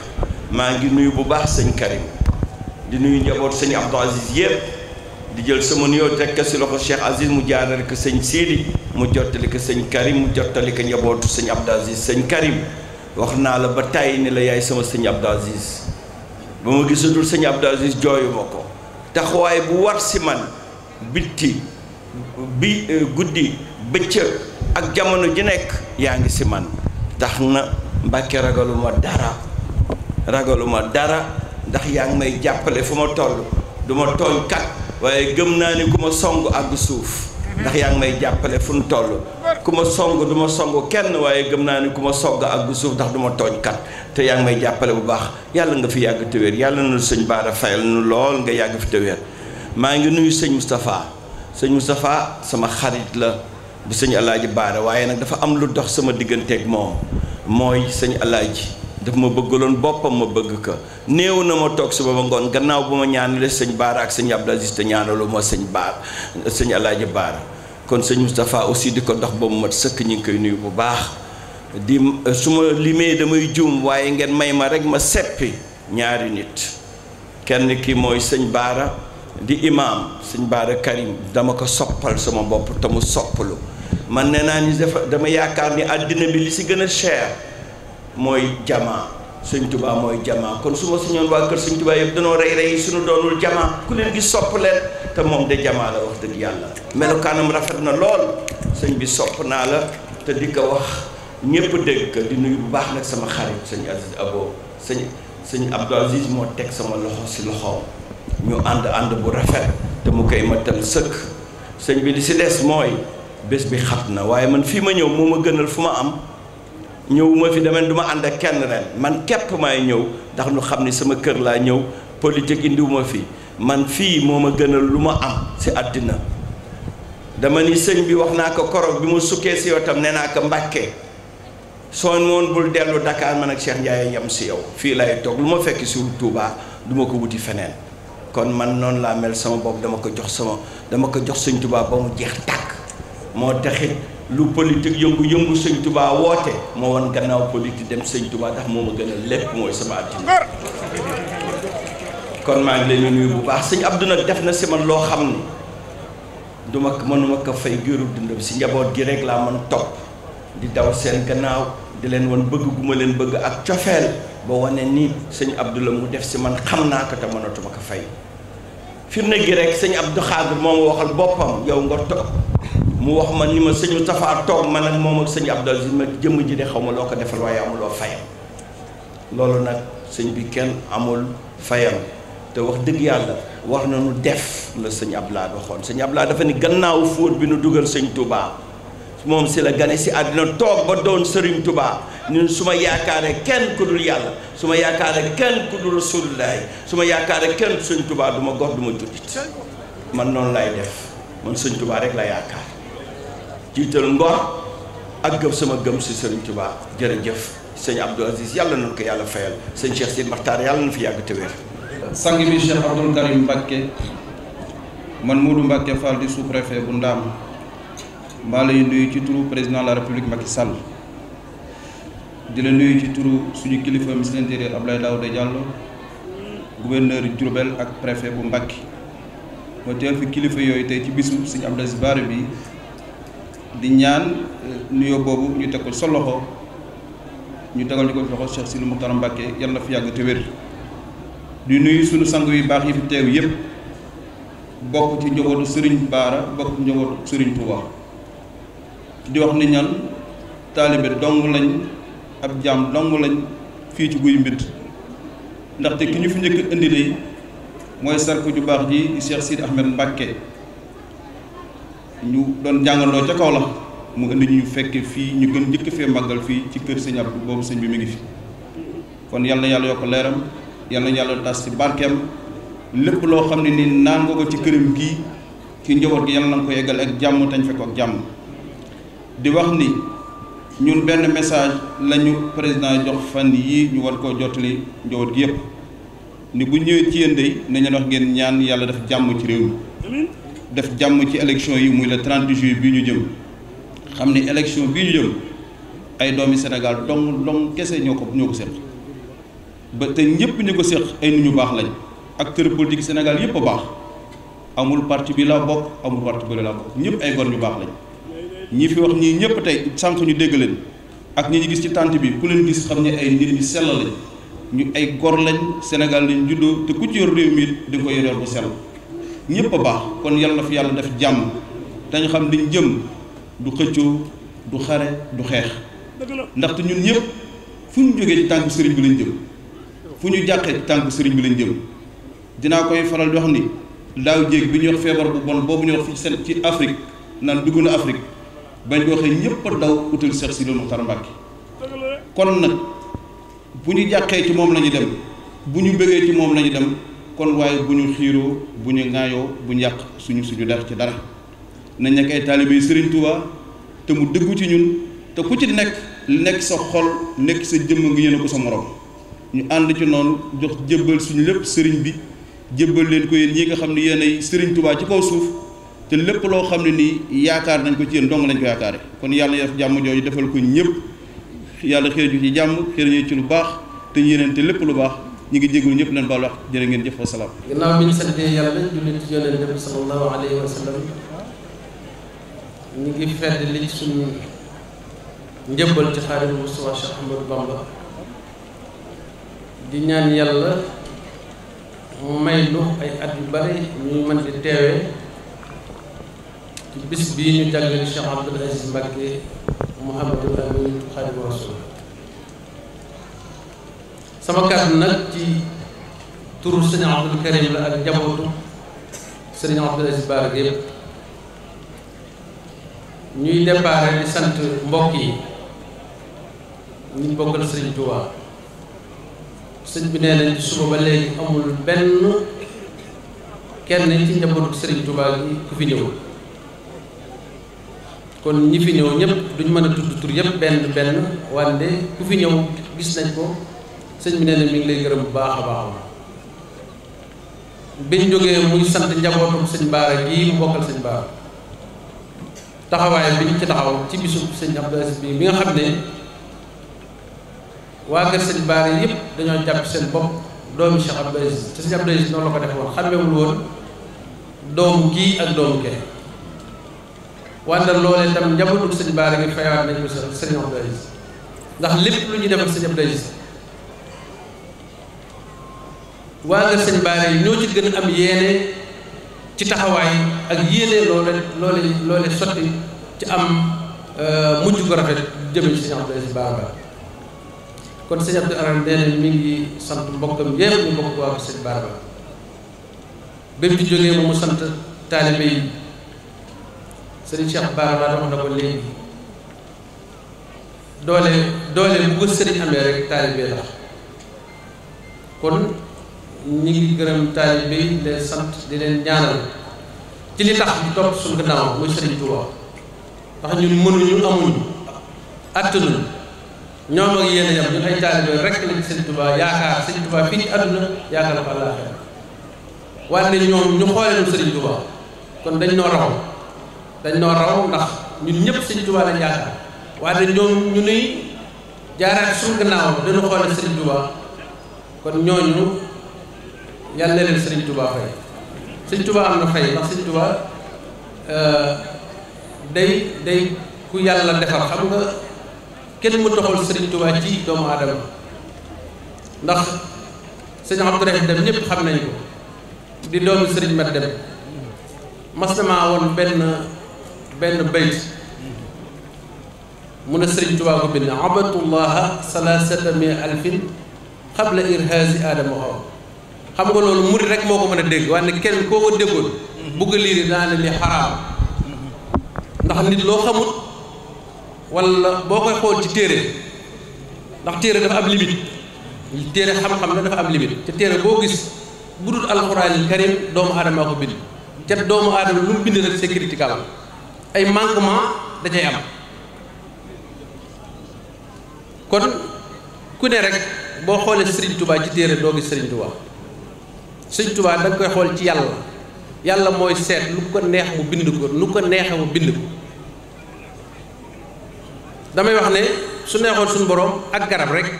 maa ngi nuyu bu baax sëñ Karim di nuyu njaboot sëñ Abdou Aziz yépp di jël sama nuyoo teg ko si loxo Cheikh Aziz mu jaarale ko sëñ Sidi mu jottali ko sëñ Karim mu jottali ko njabootu sëñ Abdou Aziz sëñ Karim wax naa la ba tàyyi ni la yaay sama sëñ Abdou Aziz ba ma gisatul sëñ Abdou Aziz jooyu ma ko taxawaay bu wat si man bitti bi guddi bëccëg ak jamono ji nekk yaa ngi si man tax na Mbàkke ragaluma dara ragaluma dara ndax yaa ngi may jàppale fu ma toll du tooñ kat waaye gëm naa ni ku ma song àgg suuf ndax yaa ngi may jàppale fu nu toll ku ma song du ma song kenn waaye gëm naa ni ku ma song àgg suuf ndax du ma tooñ kat te yaa ngi may jàppale bu baax yàlla nga fi yàgg te yàlla na sëñ Bara fayal nu lool nga yàgg fi te maa ngi nuyu sëñ Moustapha sëñ Moustapha sama xarit la bu sëñ Alaaji Bara waaye nag dafa am lu dox sama digganteeg moom mooy sëñ Alaaji daf ma bëggaloon boppam ma bëgg ko néew na ma toog suba ba ngoon gannaaw ba ma ñaanale sañ Baara ak sëñ Abdou Aziz te ñaanalu moo sañ Baara sëñ Alaaji Baara kon sëñ Moustapha aussi di ko dox ba mu mat sëkk ñu ngi koy nuyu bu baax di su ma limee damay juum waaye ngeen may ma rek ma seppi ñaari nit kenn ki mooy sëñ Baara di imaam sëñ Baara Karim dama ko soppal sama mbopp te mu soppalu man nee naa ni dafa dama yaakaar ni àddina bi li si gën a cher mooy jamaa sëñ tubaa mooy jamaa kon su ma suñoon waa kër sëñ tubaa yëpp danoo rey rey suñu doonul jamaa ku leen gi sopp leen te moom de jamaa la wax dëgg yàlla melokaanam rafet na lool sëñ bi sopp naa la te di ko wax ñëpp dégg ko di nuyu bu baax nag sama xarit sëñ Aziz Abo sëñ sëñ Abdou Aziz moo teg sama loxo si loxoom ñu ànd ànd bu rafet te mu koy matal sëkk sëñ bi li si des mooy bés bi xat na waaye man fii ma ñëw moo ma gënal fu ma am ñëwuma fi demeen du ma ànd ak kenn ren man képp maay ñëw ndax lu xam ni sama kër laa ñëw politique indiwuma fi man fii moo ma gënal lu ma am si àddina dama ni sëñ bi wax naa ko korog bi mu sukkee si yow tam nee naa ko mbàkkee soon moon bul dellu Dakar man ak Cheikh Ndiaye yam si yow fii lay toog lu ma fekk si tuubaa du ma ko wuti feneen kon man noonu laa mel sama bopp dama ko jox sama dama ko jox sëñ Touba ba mu jeex tàkk moo taxit lu politique yëngu-yëngu sëñ Touba woote ma woon gannaaw politique dem sëñ Touba ndax moo ma gën a lépp mooy sama àddina kon maa ngi leen di nuyu bu baax sëñ Abdou def na si man loo xam ne du ma mënuma ko fay géeru dundam si njaboot gi rek laa man topp di daw seen gannaaw di leen wan bëgg gu leen bëgg ak cofeel ba wane ni sëñ Abdou la mu def si man xam naa ko te mënatuma ko fay firnde gi rek sëñ Abdou Xaadir moo ma waxal boppam yow nga topp mu wax man ni ma sëñu tafaa toog man ak moom ak sëñ Abdou Aziz ma jëmm ji de xaw ma loo ko defal waaye amuloo fayam loolu nag sëñ bi kenn amul fayam te wax dëgg yàlla war na nu def la sëñ Abdoulaye waxoon sëñ Abdoulaye dafa ni gannaaw fóot bi nu dugal sëñ Touba moom si la gane si àddina toog ba doon sëriñ tubaa ñun su ma yaakaaree kenn ku dul yàlla su ma yaakaaree kenn ku dul Rasulullaahi su ma yaakaaree kenn sëñ tubaa du ma gox du ma jullit man noonu lay def man sëñ Touba rek la yaakaar. jiital ngor ak gëm sama gëm si Serigne Touba jërëjëf sëñ Abdou Aziz yàlla nañ ko yàlla fayal sëñ Cheikh Sidi Maxtaar yàlla na fi yàgg te wér. sang bi Cheikh Abdoul Karim Mbacke man Modou Mbacke Fall di sous-préfet bu Ndaam maa yu nuyu ci turu président la république Macky Sall di la nuyu ci turu suñu kilifa ministre intérieur Abdoulaye Daouda Diallo gouverneur Diourbel ak préfet bu Mbacke ma teew fi kilifa yooyu tey ci bisu sëñ Abdou Aziz Bara bi. di ñaan euh, nuyoo boobu ñu teg ko sa ñu tegal ñu ko loxo Cheikh Sidi Muxtaar Mbàkke yàlla na fi yàgg te wér di nuyu sunu sang yu baax yi fi teew yëpp bokk ci njabootu Serigne Baara bokk ci njabootu Serigne Touba di wax ni ñaan taalibe dong lañ ab jaam dong lañ fii ci guy mbind ndaxte ki ñu fi njëkk indi lay mooy sarku ju baax ji di Cheikh Sidi Ahmed ñu doon jàngandoo ca kaw la mu indi ñu fekke fii ñu gën njëkk fee màggal fii ci kër sëñ boobu sëñ bi mu ngi fi kon yal yàlla yokk leeram yal na yàlla tas ci barkeem lépp loo xam ne ni naan nga ko ci këram gi ci njaboot gi yal na ko yeggal ak jàmm tañ fekk ak jàmm di wax ni ñun benn message lañu président jox fan yi ñu war koo jottali njaboot gi yëpp ni bu ñëwee ci yéen day nañu wax ngeen ñaan yàlla def jàmm ci réew mi def jàmm ci élection yi muy le 30 juillet bi ñu jëm xam ni élection bii ñu jëm ay doomi Sénégal dong dong kese ñoo ko ñoo ko séq ba te ñëpp ñu ko séq ay nit ñu baax lañ acteur politique Sénégal yëpp a baax amul parti bi la bokk amul parti bi laa bokk ñëpp ay gor ñu baax lañ ñi fi wax ñii ñëpp tey sànq ñu dégg leen ak ñi ñu gis ci tant bi ku leen gis xam ne ay nit ñu sell lañ ñu ay gor lañ senegal lañ juddoo te ku ci yor réew mi di ko yore bu sell. ñëpp a baax kon yàlla fi yàlla def jàmm dañu xam liñ jëm du xëccoo du xare du xeex ndaxte ñun ñëpp fu ñu jógee ci tànk sëriñ bi lañ jëm fu ñu jàqee tànk sëriñ bi lañ jëm dinaa koy faral di wax ni daaw jéeg bi ñu wax feebar bu bon boobu ñuy wax fi seen ci Afrique naan dugg na Afrique bañ ko waxee ñëpp a daw utal Cheikh Sidil Mokhtar Mbacké kon nag bu ñu jàqee ci moom la ñu dem bu ñu bëggee ci moom la ñu dem kon waaye bu ñu xiiroo bu ñu ŋaayoo bu ñu yàq suñu suñu def ci dara nañ nekk ay taalibe Serigne Touba te mu dëggu ci ñun te ku ci nekk nekk sa xol nekk sa jëmm ngi yéene ko sa moroom ñu ànd ci noonu jox jébbal suñu lépp sëriñ bi jébbal leen ko yéen ñi nga xam ne yéen ay Serigne Touba ci kaw suuf te lépp loo xam ne nii yaakaar nañ ko ci yéen dong lañ ko yaakaare kon yàlla def jàmm jooju defal ko ñëpp yàlla xëy ju ci jàmm xëy ci lu baax te yéeneen te lépp lu baax. ñi ngi jégalu ñëpp nañ baal wax jërë ngeen jëf wa salaam. ginnaaw bi ñu santee yàlla jullit ci yonent bi sallallahu alayhi wa sallam ñu ngi fedd li suñu njëbbal ci xarit Moustapha Cheikh Ahmadou Bamba di ñaan yàlla mu may lu ay at yu bari ñuy mën di teewee ci bis bii ñu jagleel Cheikh Abdoul Aziz Mbacké Mouhamadou Amine Khadimou Rassoul sama kàddu nag ci turu sëñ Abdul Karim la ak njabootu sëñ Abdul Aziz Bara yëpp ñuy déparé di sant mbokk yi ñu bokkal sëñ Tuubaa sëñ bi nee nañ ci suba ba léegi amul benn kenn ci njabootu sëriñ Tuubaa gi ku fi ñëw kon ñi fi ñëw ñëpp duñ mën a tudd tur yëpp benn benn wante ku fi ñëw gis nañ ko sëñ bi nee na mi ngi lay gërëm bu baax a baax biñ jógee muy sant njabootum sëñ Baara gii mu bokkal sëñ Baara taxawaay biñ ci taxaw ci bisu sëñ Abdou Aziz bi nga xam ne waa kër sëñ Baara yëpp dañoo jàpp seen bopp doomi Cheikh Abdou Aziz ci noonu la ko def woon xàmmewul woon doomu kii ak doomu kee wante loolee tam njabootu sëñ Baara ngi fayaat nañ ko sëñ ndax lépp lu ñuy defal sëñ Abdou waa nga sëñ Bara yi ñoo ci gën am yéene ci taxawaay ak yéene loole loole loole sotti ci am euh, mujj ko rafet jëme ci sëñ Abdou Aziz Bara kon sëñ Abdou Aram sant mbokkam yépp ñu bokk ba mu jógee mu sant taalibe yi sëriñ Cheikh Bara wax na ko léegi doole doole bu ko sëriñ amee rek taalibe la kon ñi ngi gërëm taalibe yi leen sant di leen ñaanal ci li tax ñu topp suñu gannaaw muy Sëriñ Tuubaa ndax ñun mënuñu amuñu attanuñu ñoom ak yéen a yem ñun rek lañ Sëriñ Tuubaa yaakaar Sëriñ Tuubaa fii ci àdduna yaakaar ko àllaaxira wante ñoom ñu xoolee ñu kon dañ noo raw dañ noo raw ndax ñun ñëpp Sëriñ Tuubaa lañ yaakaar wante ñoom ñu nuy jaaraat suñu gannaaw dañu xoolee Sëriñ Tuubaa kon ñooñu. yàlla na leen sëriñ Touba fay sëriñ Touba am na fay ndax sëriñ Touba euh, day day ku yàlla defar xam nga kenn mu doxal sëriñ Touba ci doomu aadama ndax sëñ Abdourahim Dem ñëpp xam nañ ko di doomi sëriñ Mat Dem mas na maa woon benn benn bayt mu a sëriñ Touba ko bind abatullaha salaasata mi alfin qabla irhaasi aadama waaw xam nga loolu murid rek moo ko mën a dégg waaye ne kenn koo ko déggoon mhm. bugg lii daa ne li xaraam ndax nit loo xamut wala boo koy xool ci téere ndax téere dafa am limite téere xam-xam la dafa am limite te téere boo gis bu dul yi karim doomu aadama ko bind te doomu aadama lu mu bind rek c'est ay manquement da cay am kon ku ne rek boo xoolee Serigne Touba ci téere doo gis Serigne Touba sëñ Tuubaa da koy xool ci yàlla yàlla mooy seet lu ko neex mu bind ko lu ko neexee mu bind ko damay wax ne su neexoon suñu boroom ak garab rek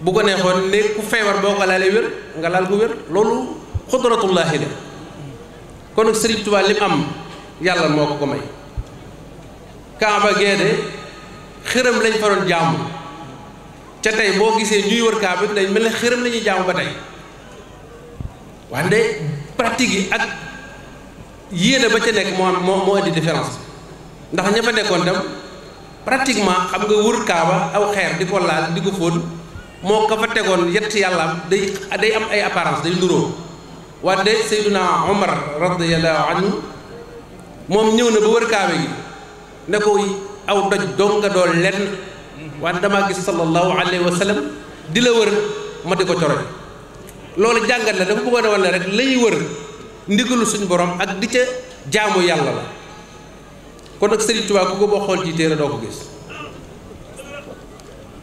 bu ko neexoon ne ku feebar boo ko laalee wér nga laal ko wér loolu xudratullaahi la kon nag sëriñ Tuubaa li mu am yàlla moo ko ko may Kaaba gee de xërëm lañ fa doon jaamu ca tey boo gisee ñuy wër Kaaba bi dañ mel ne xërëm lañuy ñuy jaamu ba tey wante pratique yi ak yéene ba ca nekk moo moo moo indi différence ndax ña fa nekkoon tam pratiquement xam nga wër kaaba aw xeer di ko laal di ko fóon moo ko fa tegoon yett yàllaa day day am ay apparence day nduróo wante Seyduna Omar radiyallahu anhu moom ñëw na ba wër kaaba gi ne aw doj doo nga dool lenn wante damaa gis sallallahu alayhi wa sallam di la wër ma di ko coroñ loolu jàngat la dafa bëggoon a wane rek lay wër ndigalu suñu borom ak di ca jaamu yàlla la kon nag sëriñ Touba ku ko boo xool ci téere doo ko gis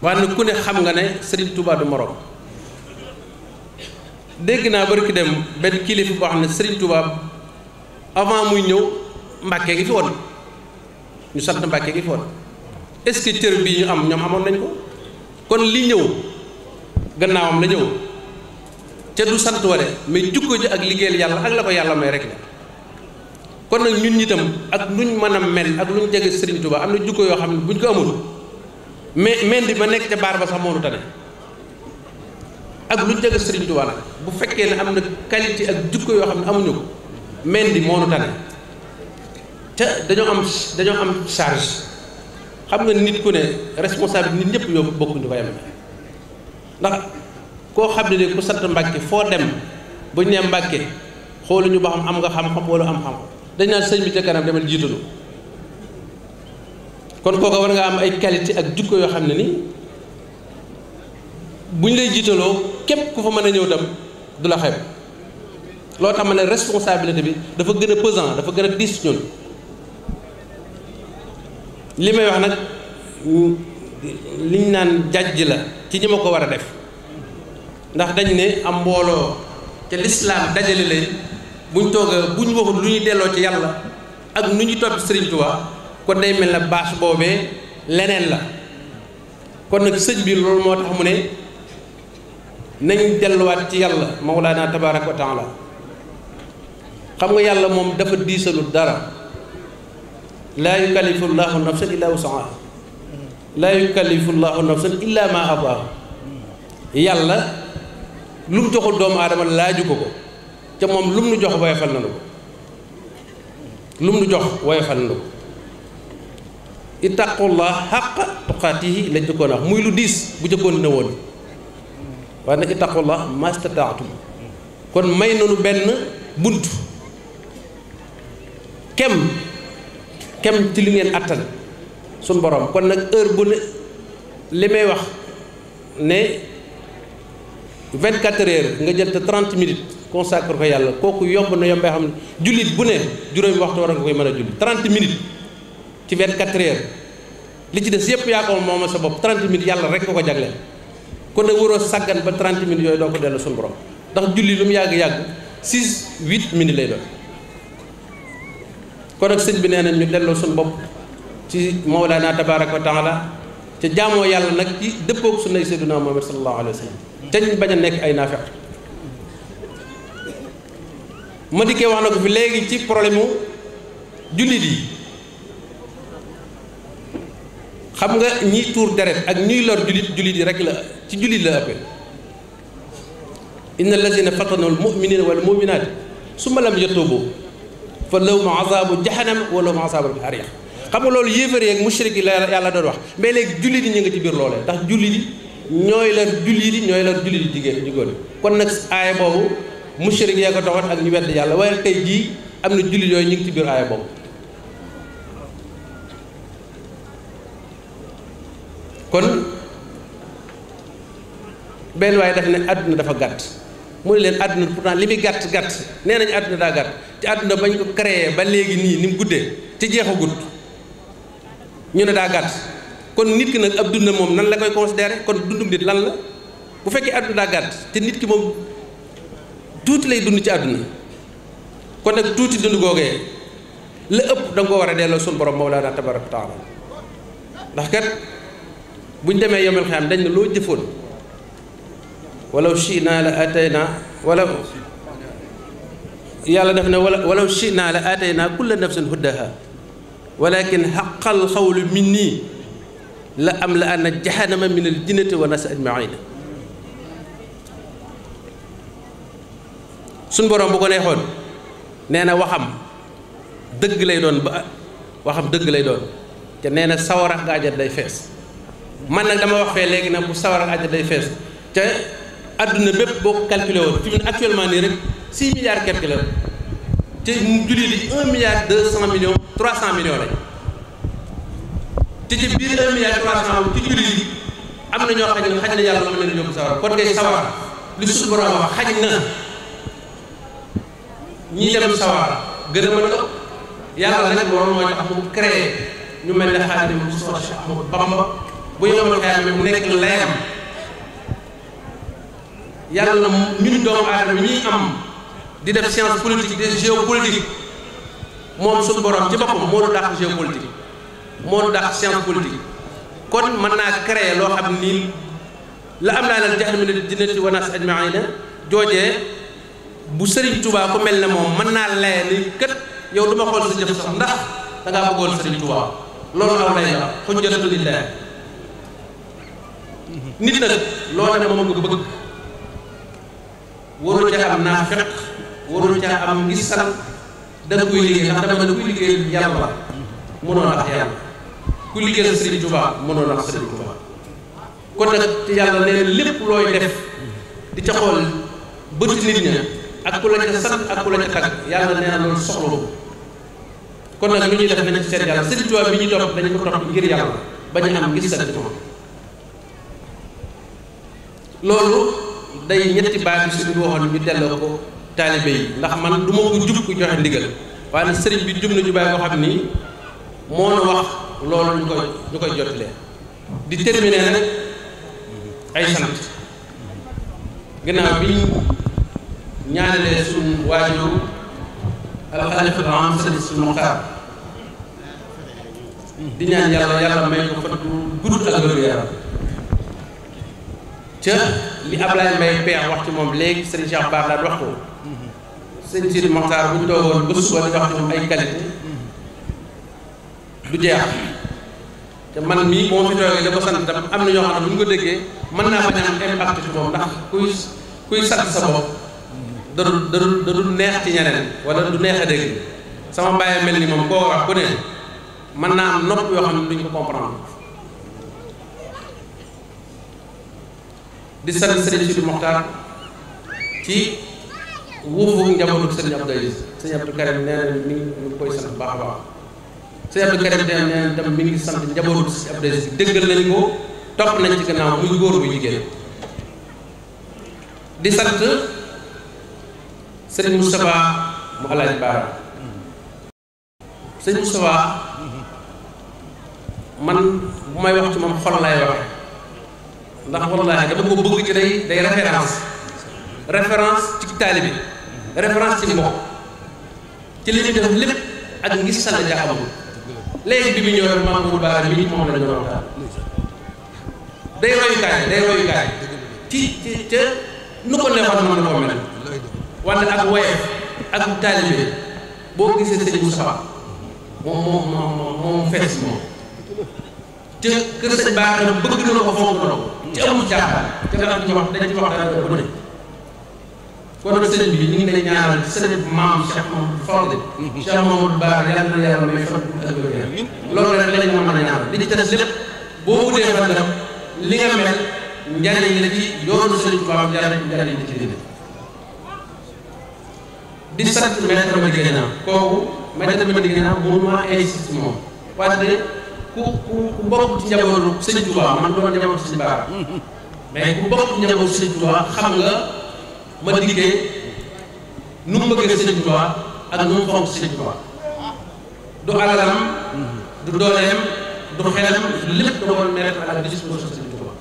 waaye nag ku ne xam nga ne sëriñ Touba du moroom dégg naa barki dem benn kilifa boo xam ne sëriñ tubaab avant muy ñëw Mbàkke gi fi woon ñu sant Mbàkke gi fi woon est-ce que bii ñu am ñoom amoon nañ ko kon li ñëw gannaawam la ñëw. ca du sant ware mais jukko ji ak liggéeyal yàlla ak la ko yàlla may rek la kon nag ñun ñitam ak luñ mën a mel ak luñ jege Serigne Touba am na jukko yoo xam ne buñ ko mais men di ma nekk ca baar ba sax moonu tane ak luñ jege Serigne Touba bu fekkee ne am na qualité ak jukko yoo xam ne amuñu ko men di moonu tane ca dañoo am dañoo am charge xam nga nit ku ne responsable nit ñëpp yow bokkuñu koy yem ndax koo xam ne ku sant mbàkke foo dem buñ nee xoolu ñu ba xam am nga xam-xam wala am xam dañ naan sëñ bi ca kanam demal jiitalu kon kooka war nga am ay qualité ak jukko yoo xam ne ni buñ lay jiitaloo képp ku fa mën a ñëw dem du la xeeb loo tax ma ne responsabilité bi dafa gën a pesant dafa gën a diis ñun li may wax nag liñ naan jàjj la ci ñi ma ko war a def ndax dañ ne am mbooloo ca lislaam dajale leen buñ tooga buñ waxul lu ñuy delloo ci yàlla ak nu ñuy topp sëriñ Tuubaa ko day mel na bâche boobee leneen la kon nag sëñ bi loolu moo tax mu ne nañu delluwaat ci yàlla mawlaana tabaaraka wa taala xam nga yàlla moom dafa diisalul dara laa yukallifu llahu nafsan illa wusaha laa yukallifu llahu nafsan illa ma ataahu yàlla lu mu joxul doomu aadama laaju ko ko ca moom lu mu nu jox woyofal na nu ko lu mu nu jox woyofal na nu ko ittaqullah xaqa tuqaatihi lañ jëkkoon wax muy lu diis bu jëkkoon dina woon waaye nag ittaqullah mastataatum kon may na nanu benn bunt kem kem ci li ngeen attan suñ borom kon nag heure bu ne li may wax ne 24 heures nga jël te 30 minutes consacre ko yàlla kooku yomb na yombee xam ne jullit bu ne juróomi waxtu war nga koy mën a julli 30 minutes ci 24 heures li ci des yëpp yaa ko moom sa bopp 30 minutes yàlla rek ko ko jagleel kon nag waroo sàggan ba 30 minutes yooyu doo ko dellu suñu borom ndax julli lu mu yàgg-yàgg 6 8 minutes lay doon kon nag sëñ bi nee na ñu delloo suñu bopp ci Mawlaana tabaaraka wa taala ca jaamoo yàlla nag ci dëppoog sunnay Seydunaa Muhammad sallallahu alayhi wa sallam te ñu bañ a nekk ay naafeq ma di dikkee wax na ko fi léegi ci problème mu jullit yi xam nga ñiy tuur deret ak ñuy lor jullit jullit yi rek la ci jullit la ëppee inna allazina fatanu al muminina wal muminat summa lam yatubu fa lahum azabu jahannam wa lahum azabu al harir xam nga loolu yéefar yeeg mushrik yi la yàlla doon wax mais jullit yi ñu ngi ci biir loolee ndax jullit yi ñooy leen jullit yi ñooy la jullit yi jigéen ñu kon nag aaya boobu mushrik yee ko doxoon ak ñu wedd yàlla waaye tey jii am na jullit yooyu ñu ngi ci biir aaya boobu kon benn waaye daf ne àdduna dafa gàtt mu ne leen àdduna pourtant li muy gàtt gàtt nee nañu àdduna daa gàtt ci àdduna bañ ko créé ba léegi nii ni mu guddee te jeexagut ñu ne daa gàtt kon nit ki nag ab dund moom nan la koy considéré kon dundum nit lan la bu fekkee àdduna daa gàtt te nit ki moom tuuti lay dund ci àdduna kon nag tuuti dund googee la ëpp da nga ko war a delloo sol borom Mawlaana tabaaraka wa taala ndax kat buñ demee yomel xam dañ ne loo jëfoon walaw shi'naa la ataynaa walla yàlla def ne wala walaw shi'naa la ataynaa kulla nafsin hudaha walakin haqqal qawlu minnii la am la ana mi min jinate jinnati wa nas ajmaina suñ boroom bu ko neexoon nee na waxam dëgg lay doon ba waxam dëgg lay doon te nee na sawara ak àjjana day fees man nag dama wax fee léegi nag bu sawara ak àjjana day fees te adduna bépp boo ko calculé woon fi mu ne actuellement nii rek 6 milliards quelque la te jullit yi 1 milliard 200 millions 300 millions lañ te ci biir un milliard trois cent ci jullit yi am na ñoo xam ne xaj na yàlla mën leen yóbbu sawar kon sawar li suñu borom xaj na ñi dem sawar gën a mën a yàlla nag moom mooy tax mu créé ñu mel ne Xaadim Mustafaa Séex Ahmadu Bamba bu yomal mu nekk layam yàlla ñun doomu aadama ñuy am di def science politique de géopolitique moom suñu borom ci boppam moo du dàq géopolitique. moo tax science politique kon mën naa créer loo xam ni la am naa lan jaxal mi ne dinati wanaas ajmaina joojee bu Serigne Touba ku mel ne moom mën naa laye ni kët yow du ma xool sa jëf sax ndax da ngaa bëggoon Serigne Touba loolu aw lay la xujjatu lillah nit nag loo ne moom nga bëgg waru ca am naa fekk waru ca am ngisal da nga koy liggéey ndax dama ne kuy liggéey yàlla mënoo tax yàlla ku liggéeyal Serigne Touba mënoo nax Serigne Touba kon nag te yàlla nee lépp looy def di ca xool bëtt nit ña ak ku la ca sant ak ku la ca tagg yàlla nee loolu soxla ko kon nag lu ñuy def nañ ci seet yàlla Serigne Touba bi ñu topp dañ ko topp ngir yàlla bañ a am gis sa moom loolu day ñetti baat yi suñu waxoon ñu delloo ko taalibe yi ndax man du ma ko jub ku joxe ndigal waaye sëriñ bi jub na jubaay boo xam ni moo na wax loolu ñu koy ñu koy jottalee di terminer nag ay sant gannaaw bi ñu ñaanalee suñu waajur alxalifatul am sëriñ si Muxtaar di ñaan yàlla yàlla may ko fatu gudd ak wéru yaram ca li Ablaye Mbaye peex wax ci moom léegi sëriñ Cheikh Bara daal wax ko sëriñ Sidi Muxtaar bu ñu ba suba di wax moom ay qualité du jeex te man mii moo fi toogee da ko sant tam am na yoo xam ne bu ñu ko mën naa bañ a am impact ci moom ndax kuy sant sa bopp da du da du da du neex ci ñeneen wala du neex a dégg sama bàyyi mel ni moom koo wax ku ne mën naa am nopp yoo xam ne duñ ko comprendre di sant sëriñ Sidi Moxtaar ci wuufu njabootu sëriñ Abdou Karim nee na mi koy sant baax a baax sëñ Abdou Karim Diagne nee na tam mi ngi sant njabootu si Abdou dëggal nañ ko topp nañ ci gannaaw muy góor bu jigéen di sant sëñ Moustapha mu alaaj Baara sëñ Moustapha man bu may wax ci moom xol lay waxe ndax wallaahi dama ko bëgg ci day day référence référence ci taalibe référence ci mbokk ci li ñu def lépp ak ngir sànn jaaxamul léegi bi mu ñëwee Mamadou Bara mi moom la ñu doon waxtaan day royukaay day royukaay ci ci ca nu ko neexoon mën na ko mel wante ak woyef ak taalibe boo gisee sëñ Moussa moom moom moom moom fees moom te kër sëñ Bara bëgg na ko fonk na ko ci amul caaxaan te nga am ñu wax dañ wax dara bu ne kon sëñ bi ñu ngi lay bu ci sëñ maam Cheikh Mamadou Fadil Cheikh Mamadou Bara yàlla na yàlla may fat ak wér loolu rek lañ ma mën a ñaanal li ci des lépp boo wutee fan dem li di sant maître moom parce ku ku bokk ci njabootu sëñ Tuubaa man dama njabootu sëñ Bara mais ku bokk ci njabootu sëñ Tuubaa xam nga ma liggéey nu mu bëggee sëñ Tuubaa ak nu mu fonk sëñ du alalam du dooleem du xelam lépp da ko mettre à la disposition sëñ Tuubaa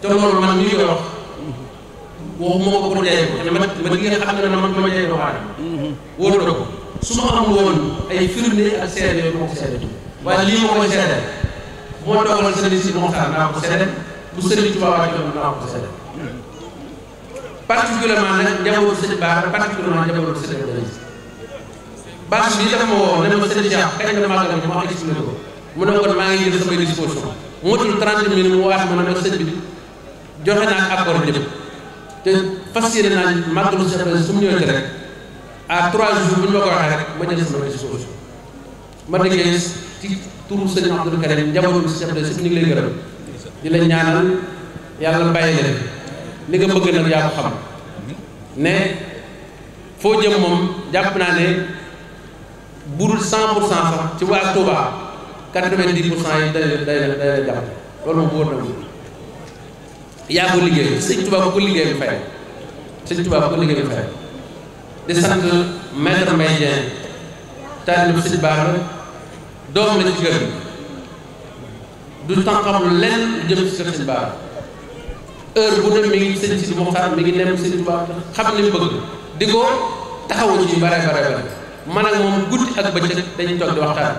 te loolu man mii koy wax waxuma ko ko su ma amul woon ay firnde ak seede yooyu ma ko waaye lii ma koy seede moo doogal sëriñ si Moxtaar naa ko seede bu sëriñ Tuubaa waa jox naa ko seede particulièrement nag njabootu sëñ Bara particulièrement njabootu sëñ Abdou Aziz bâche bi dafa ma woo ne ma sëñ Cheikh kañ la màggal ma wax expliqué ko mu ne kon maa ngi jël samay disposition motul 30 minutes mu waat ma ne ma sëñ bi joxe naa ak accord jëm te fas yéene naa màggalu sëñ Abdou Aziz su mu ñëwee rek à 3 jours bu ñu ma ko waxee rek ma jël samay disposition ma déggee ci turu sëñ Abdou Karim njabootu sëñ Abdou Aziz ñu ngi lay gërëm di la ñaanal yàlla bàyyi leen. li nga bëgg nag yaa ko xam ne foo jëm moom jàpp naa ne burul cent pour cent sax ci waa Touba quatre-vingt-dix pour cent yi day day day la jàpp loolu moom wóor na mu yaa ko liggéey sëñ Touba bi fay sëñ Touba doom la ci kër du tànqam lenn jëm ci kër sëñ Bara heure bu dem mi ngi sëñ Sidi Moxtaar mi ngi nem sëñ Tuubaa xam li mu bëgg di ko taxawu ci bare bare bare man ak moom guddi ak bëccëg dañuy toog di waxtaan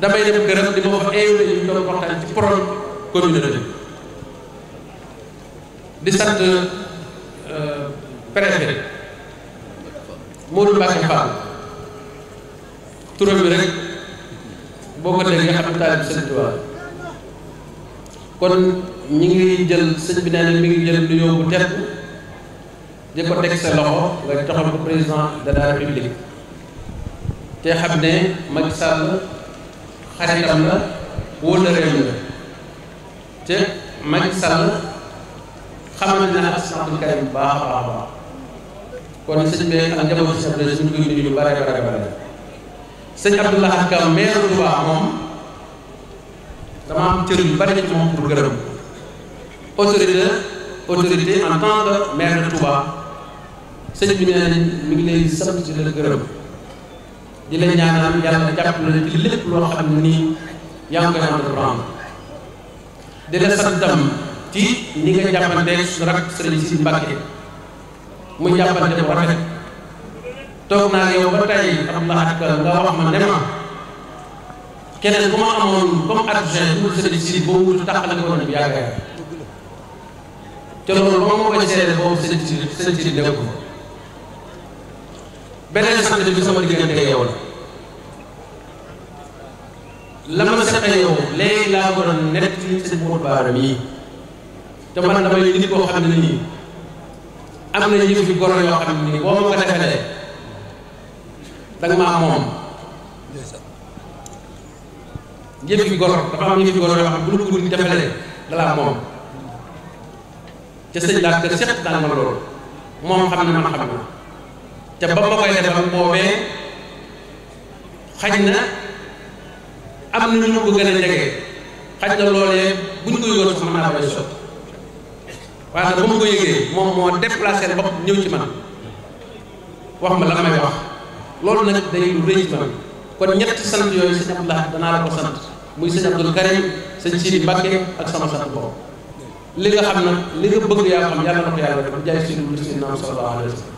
damay dem këram di ma fa eewu dañuy toog waxtaan ci projet communauté di sant euh, préfet Modou Mbacke Fall turam bi rek boo ko déggee xam ne taal bi sëñ Tuubaa kon ñu ngi jël sëñ bi nee na mi ngi jël nuyoo bu tedd di ko teg sa loxo nga joxal ko président de la république te xam ne Macky Sall xaritam la wóolëreem la te Macky Sall xamal na Sëñ Abdou Karim bu baax a baax a baax kon sëñ bi ak njaboot si ñu ngi koy nuyu bare bare bare sëñ Abdou Lahad Ka maire Touba moom dama am cër yu bari ci moom pour gërëm autorité autorité en tant que maire de Touba sëñ nañ mi ngi lay sant di la gërëm di la yàlla jàpp na ci lépp loo xam ne nii yaa ngi koy entreprendre di la santam nga jàppanteeg su rak sëriñ si Mbàkke mu jàppante bu rafet toog naa yow ba tey am la ak nga wax ma ne ma keneen bu ma amoon comme adjoint bu sëriñ si boo wutu taxal nga woon bu te loolu moom moo koy seede boobu sëñ ci sëñ ci nekku beneen sant bi sama diggante yow la la ma seqee yow léegi laa ko doon nekk ci sëñ Mouhamadou Baaram yi te man damay nit koo xam ne na yëf fi goro yoo ma defalee danga moom yëf am yëf fi goro yoo xam ne bu lu ko nit defalee dalaa moom te sëñ laa kër séq daan ma loolu moom xam na man xam na te ba koy defal boobee xaj na am na ñu ko gën a jege xaj na loolee bu ñu ko yóotu sax naa bañ a sotti waaye nag ba mu ko yëgee moom moo déplacé bopp ñëw ci man wax ma la may wax loolu nag day lu rëy ci man kon ñett sant yooyu sëñ Abdoulaye danaa la ko sant muy sëñ Abdoul Karim sëñ Sidi Mbacke ak sama sant bopp li nga xam nag li nga bëgg yaa xam yàlla na ko yàlla defal jaay suñu lu suñu naam sallallahu alayhi wa sallam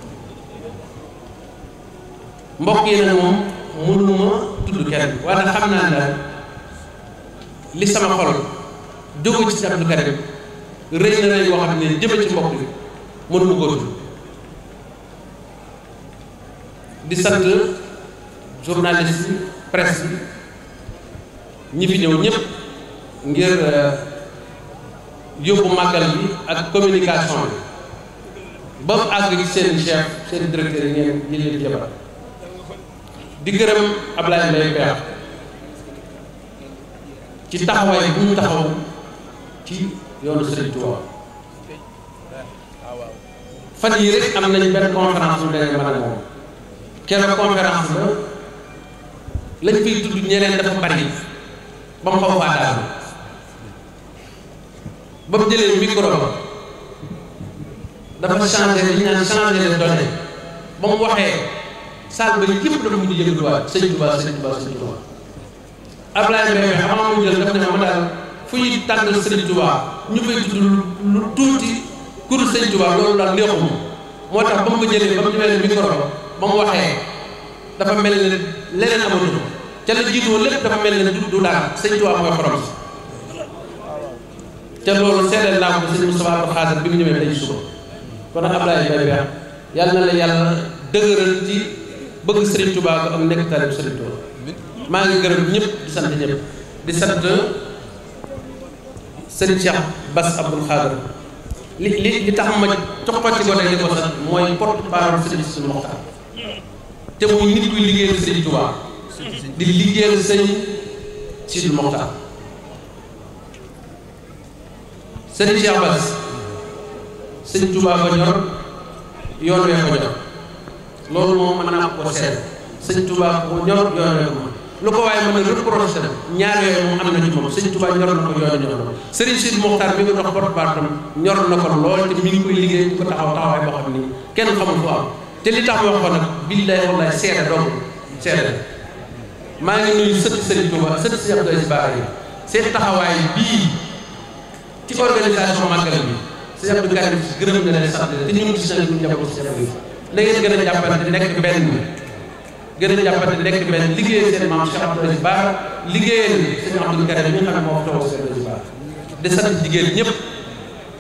mbokk yi nag moom mënuma tudd kenn waaye xam naa ne li sama xol jógu ci Abdou Karim rëy na rëy boo ne jëme ci mbokk yi mënuma koo di sant journaliste yi presse bi ñi ñëw ñëpp ngir. Euh, yóbbu màggal bi ak communication bi ba àgg ci seen chef seen directeur yi ngeen ñi leen di gërëm Ablaye Mbaye Pekh ci taxawaay bu ñu taxaw ci yoonu Serigne Touba fan yii rek am nañ benn conférence bu demee man ak moom kenn conférence ba lañ fiy tudd ñeneen dafa bari ba mu xaw a ba mu jëlee micro ba dafa changé li ñu naan changé les données ba mu waxee salle ba yëpp dafa mujj yënguwaat sëñ Tuubaa sëñ Tuubaa sëñ Tuubaa Ablaye Mbengue xamaa mu jël daf ne ma daal fu ñuy tànn sëñ Tuubaa ñu fay tudd lu tuuti kur sëñ Tuubaa loolu daal neexuma moo tax ba mu ko jëlee ba mu jëlee micro ba ba mu waxee dafa mel ne leneen amatu ca la jiitu woon lépp dafa mel ne du du daal sëñ Tuubaa mooy xorom si te loolu seedeel naa ko sëñ Moustapha Abdou Khadre bi mu ñëwee tey suba kon nag Ablaye Mbaye Beex yàlla na la yàlla dëgëral ci bëgg Serigne Touba ko nekk taalib Serigne Touba maa ngi gërëm ñëpp di sant ñëpp di sant Serigne Cheikh Bass Abdou Khadre li li li tax ma coppati ko tey di ko sant mooy porte parole Serigne si Mokhtar te muy nit kuy liggéeyal Serigne Touba di liggéeyal Serigne Sidou Mokhtar sëriñ Cheikh Bass sëñ Touba ko ñor yoon wee ñor loolu moom mën naa ko seet sëñ Touba ko ñor yoon wee ko lu ko waaye mën na lu projet ñaar yooyu moom am na ci moom sëñ Touba ñor na ko yoon ñor na sëriñ Sidi Mokhtar bi nga dox bot baatam ñor na ko lool te mi ngi koy liggéey di ko taxaw taxawaay boo xam ni kenn xamul ko am te li tax wax ko nag billaay wallaay seede dong seede maa ngi nuyu sëriñ Touba sët Cheikh Bass Bara yi ci organisation màggal bi sëñ Abdou Karim si gërëm na leen sant te ñun gis nañ ñu jàppale seen bi na ngeen gën a jàppante nekk benn gën a jàppante nekk benn liggéeyal seen maam Cheikh Abdou Aziz Ba liggéeyal sëñ Abdou Karim ñi nga xam moo toog seen Aziz Ba di sant jigéen ñëpp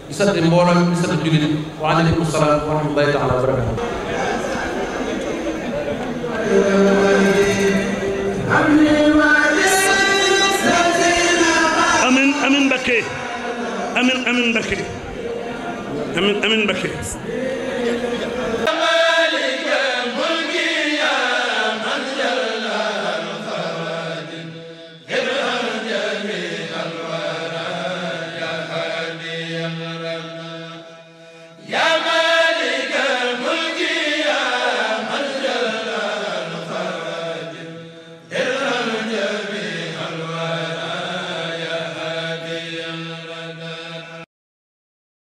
di sant mbooloo di sant jullit wa aleykum salaam wa rahmatullahi taala wa barakatuh amin amin Mbakke amin amin Mbacké amin amin Mbacké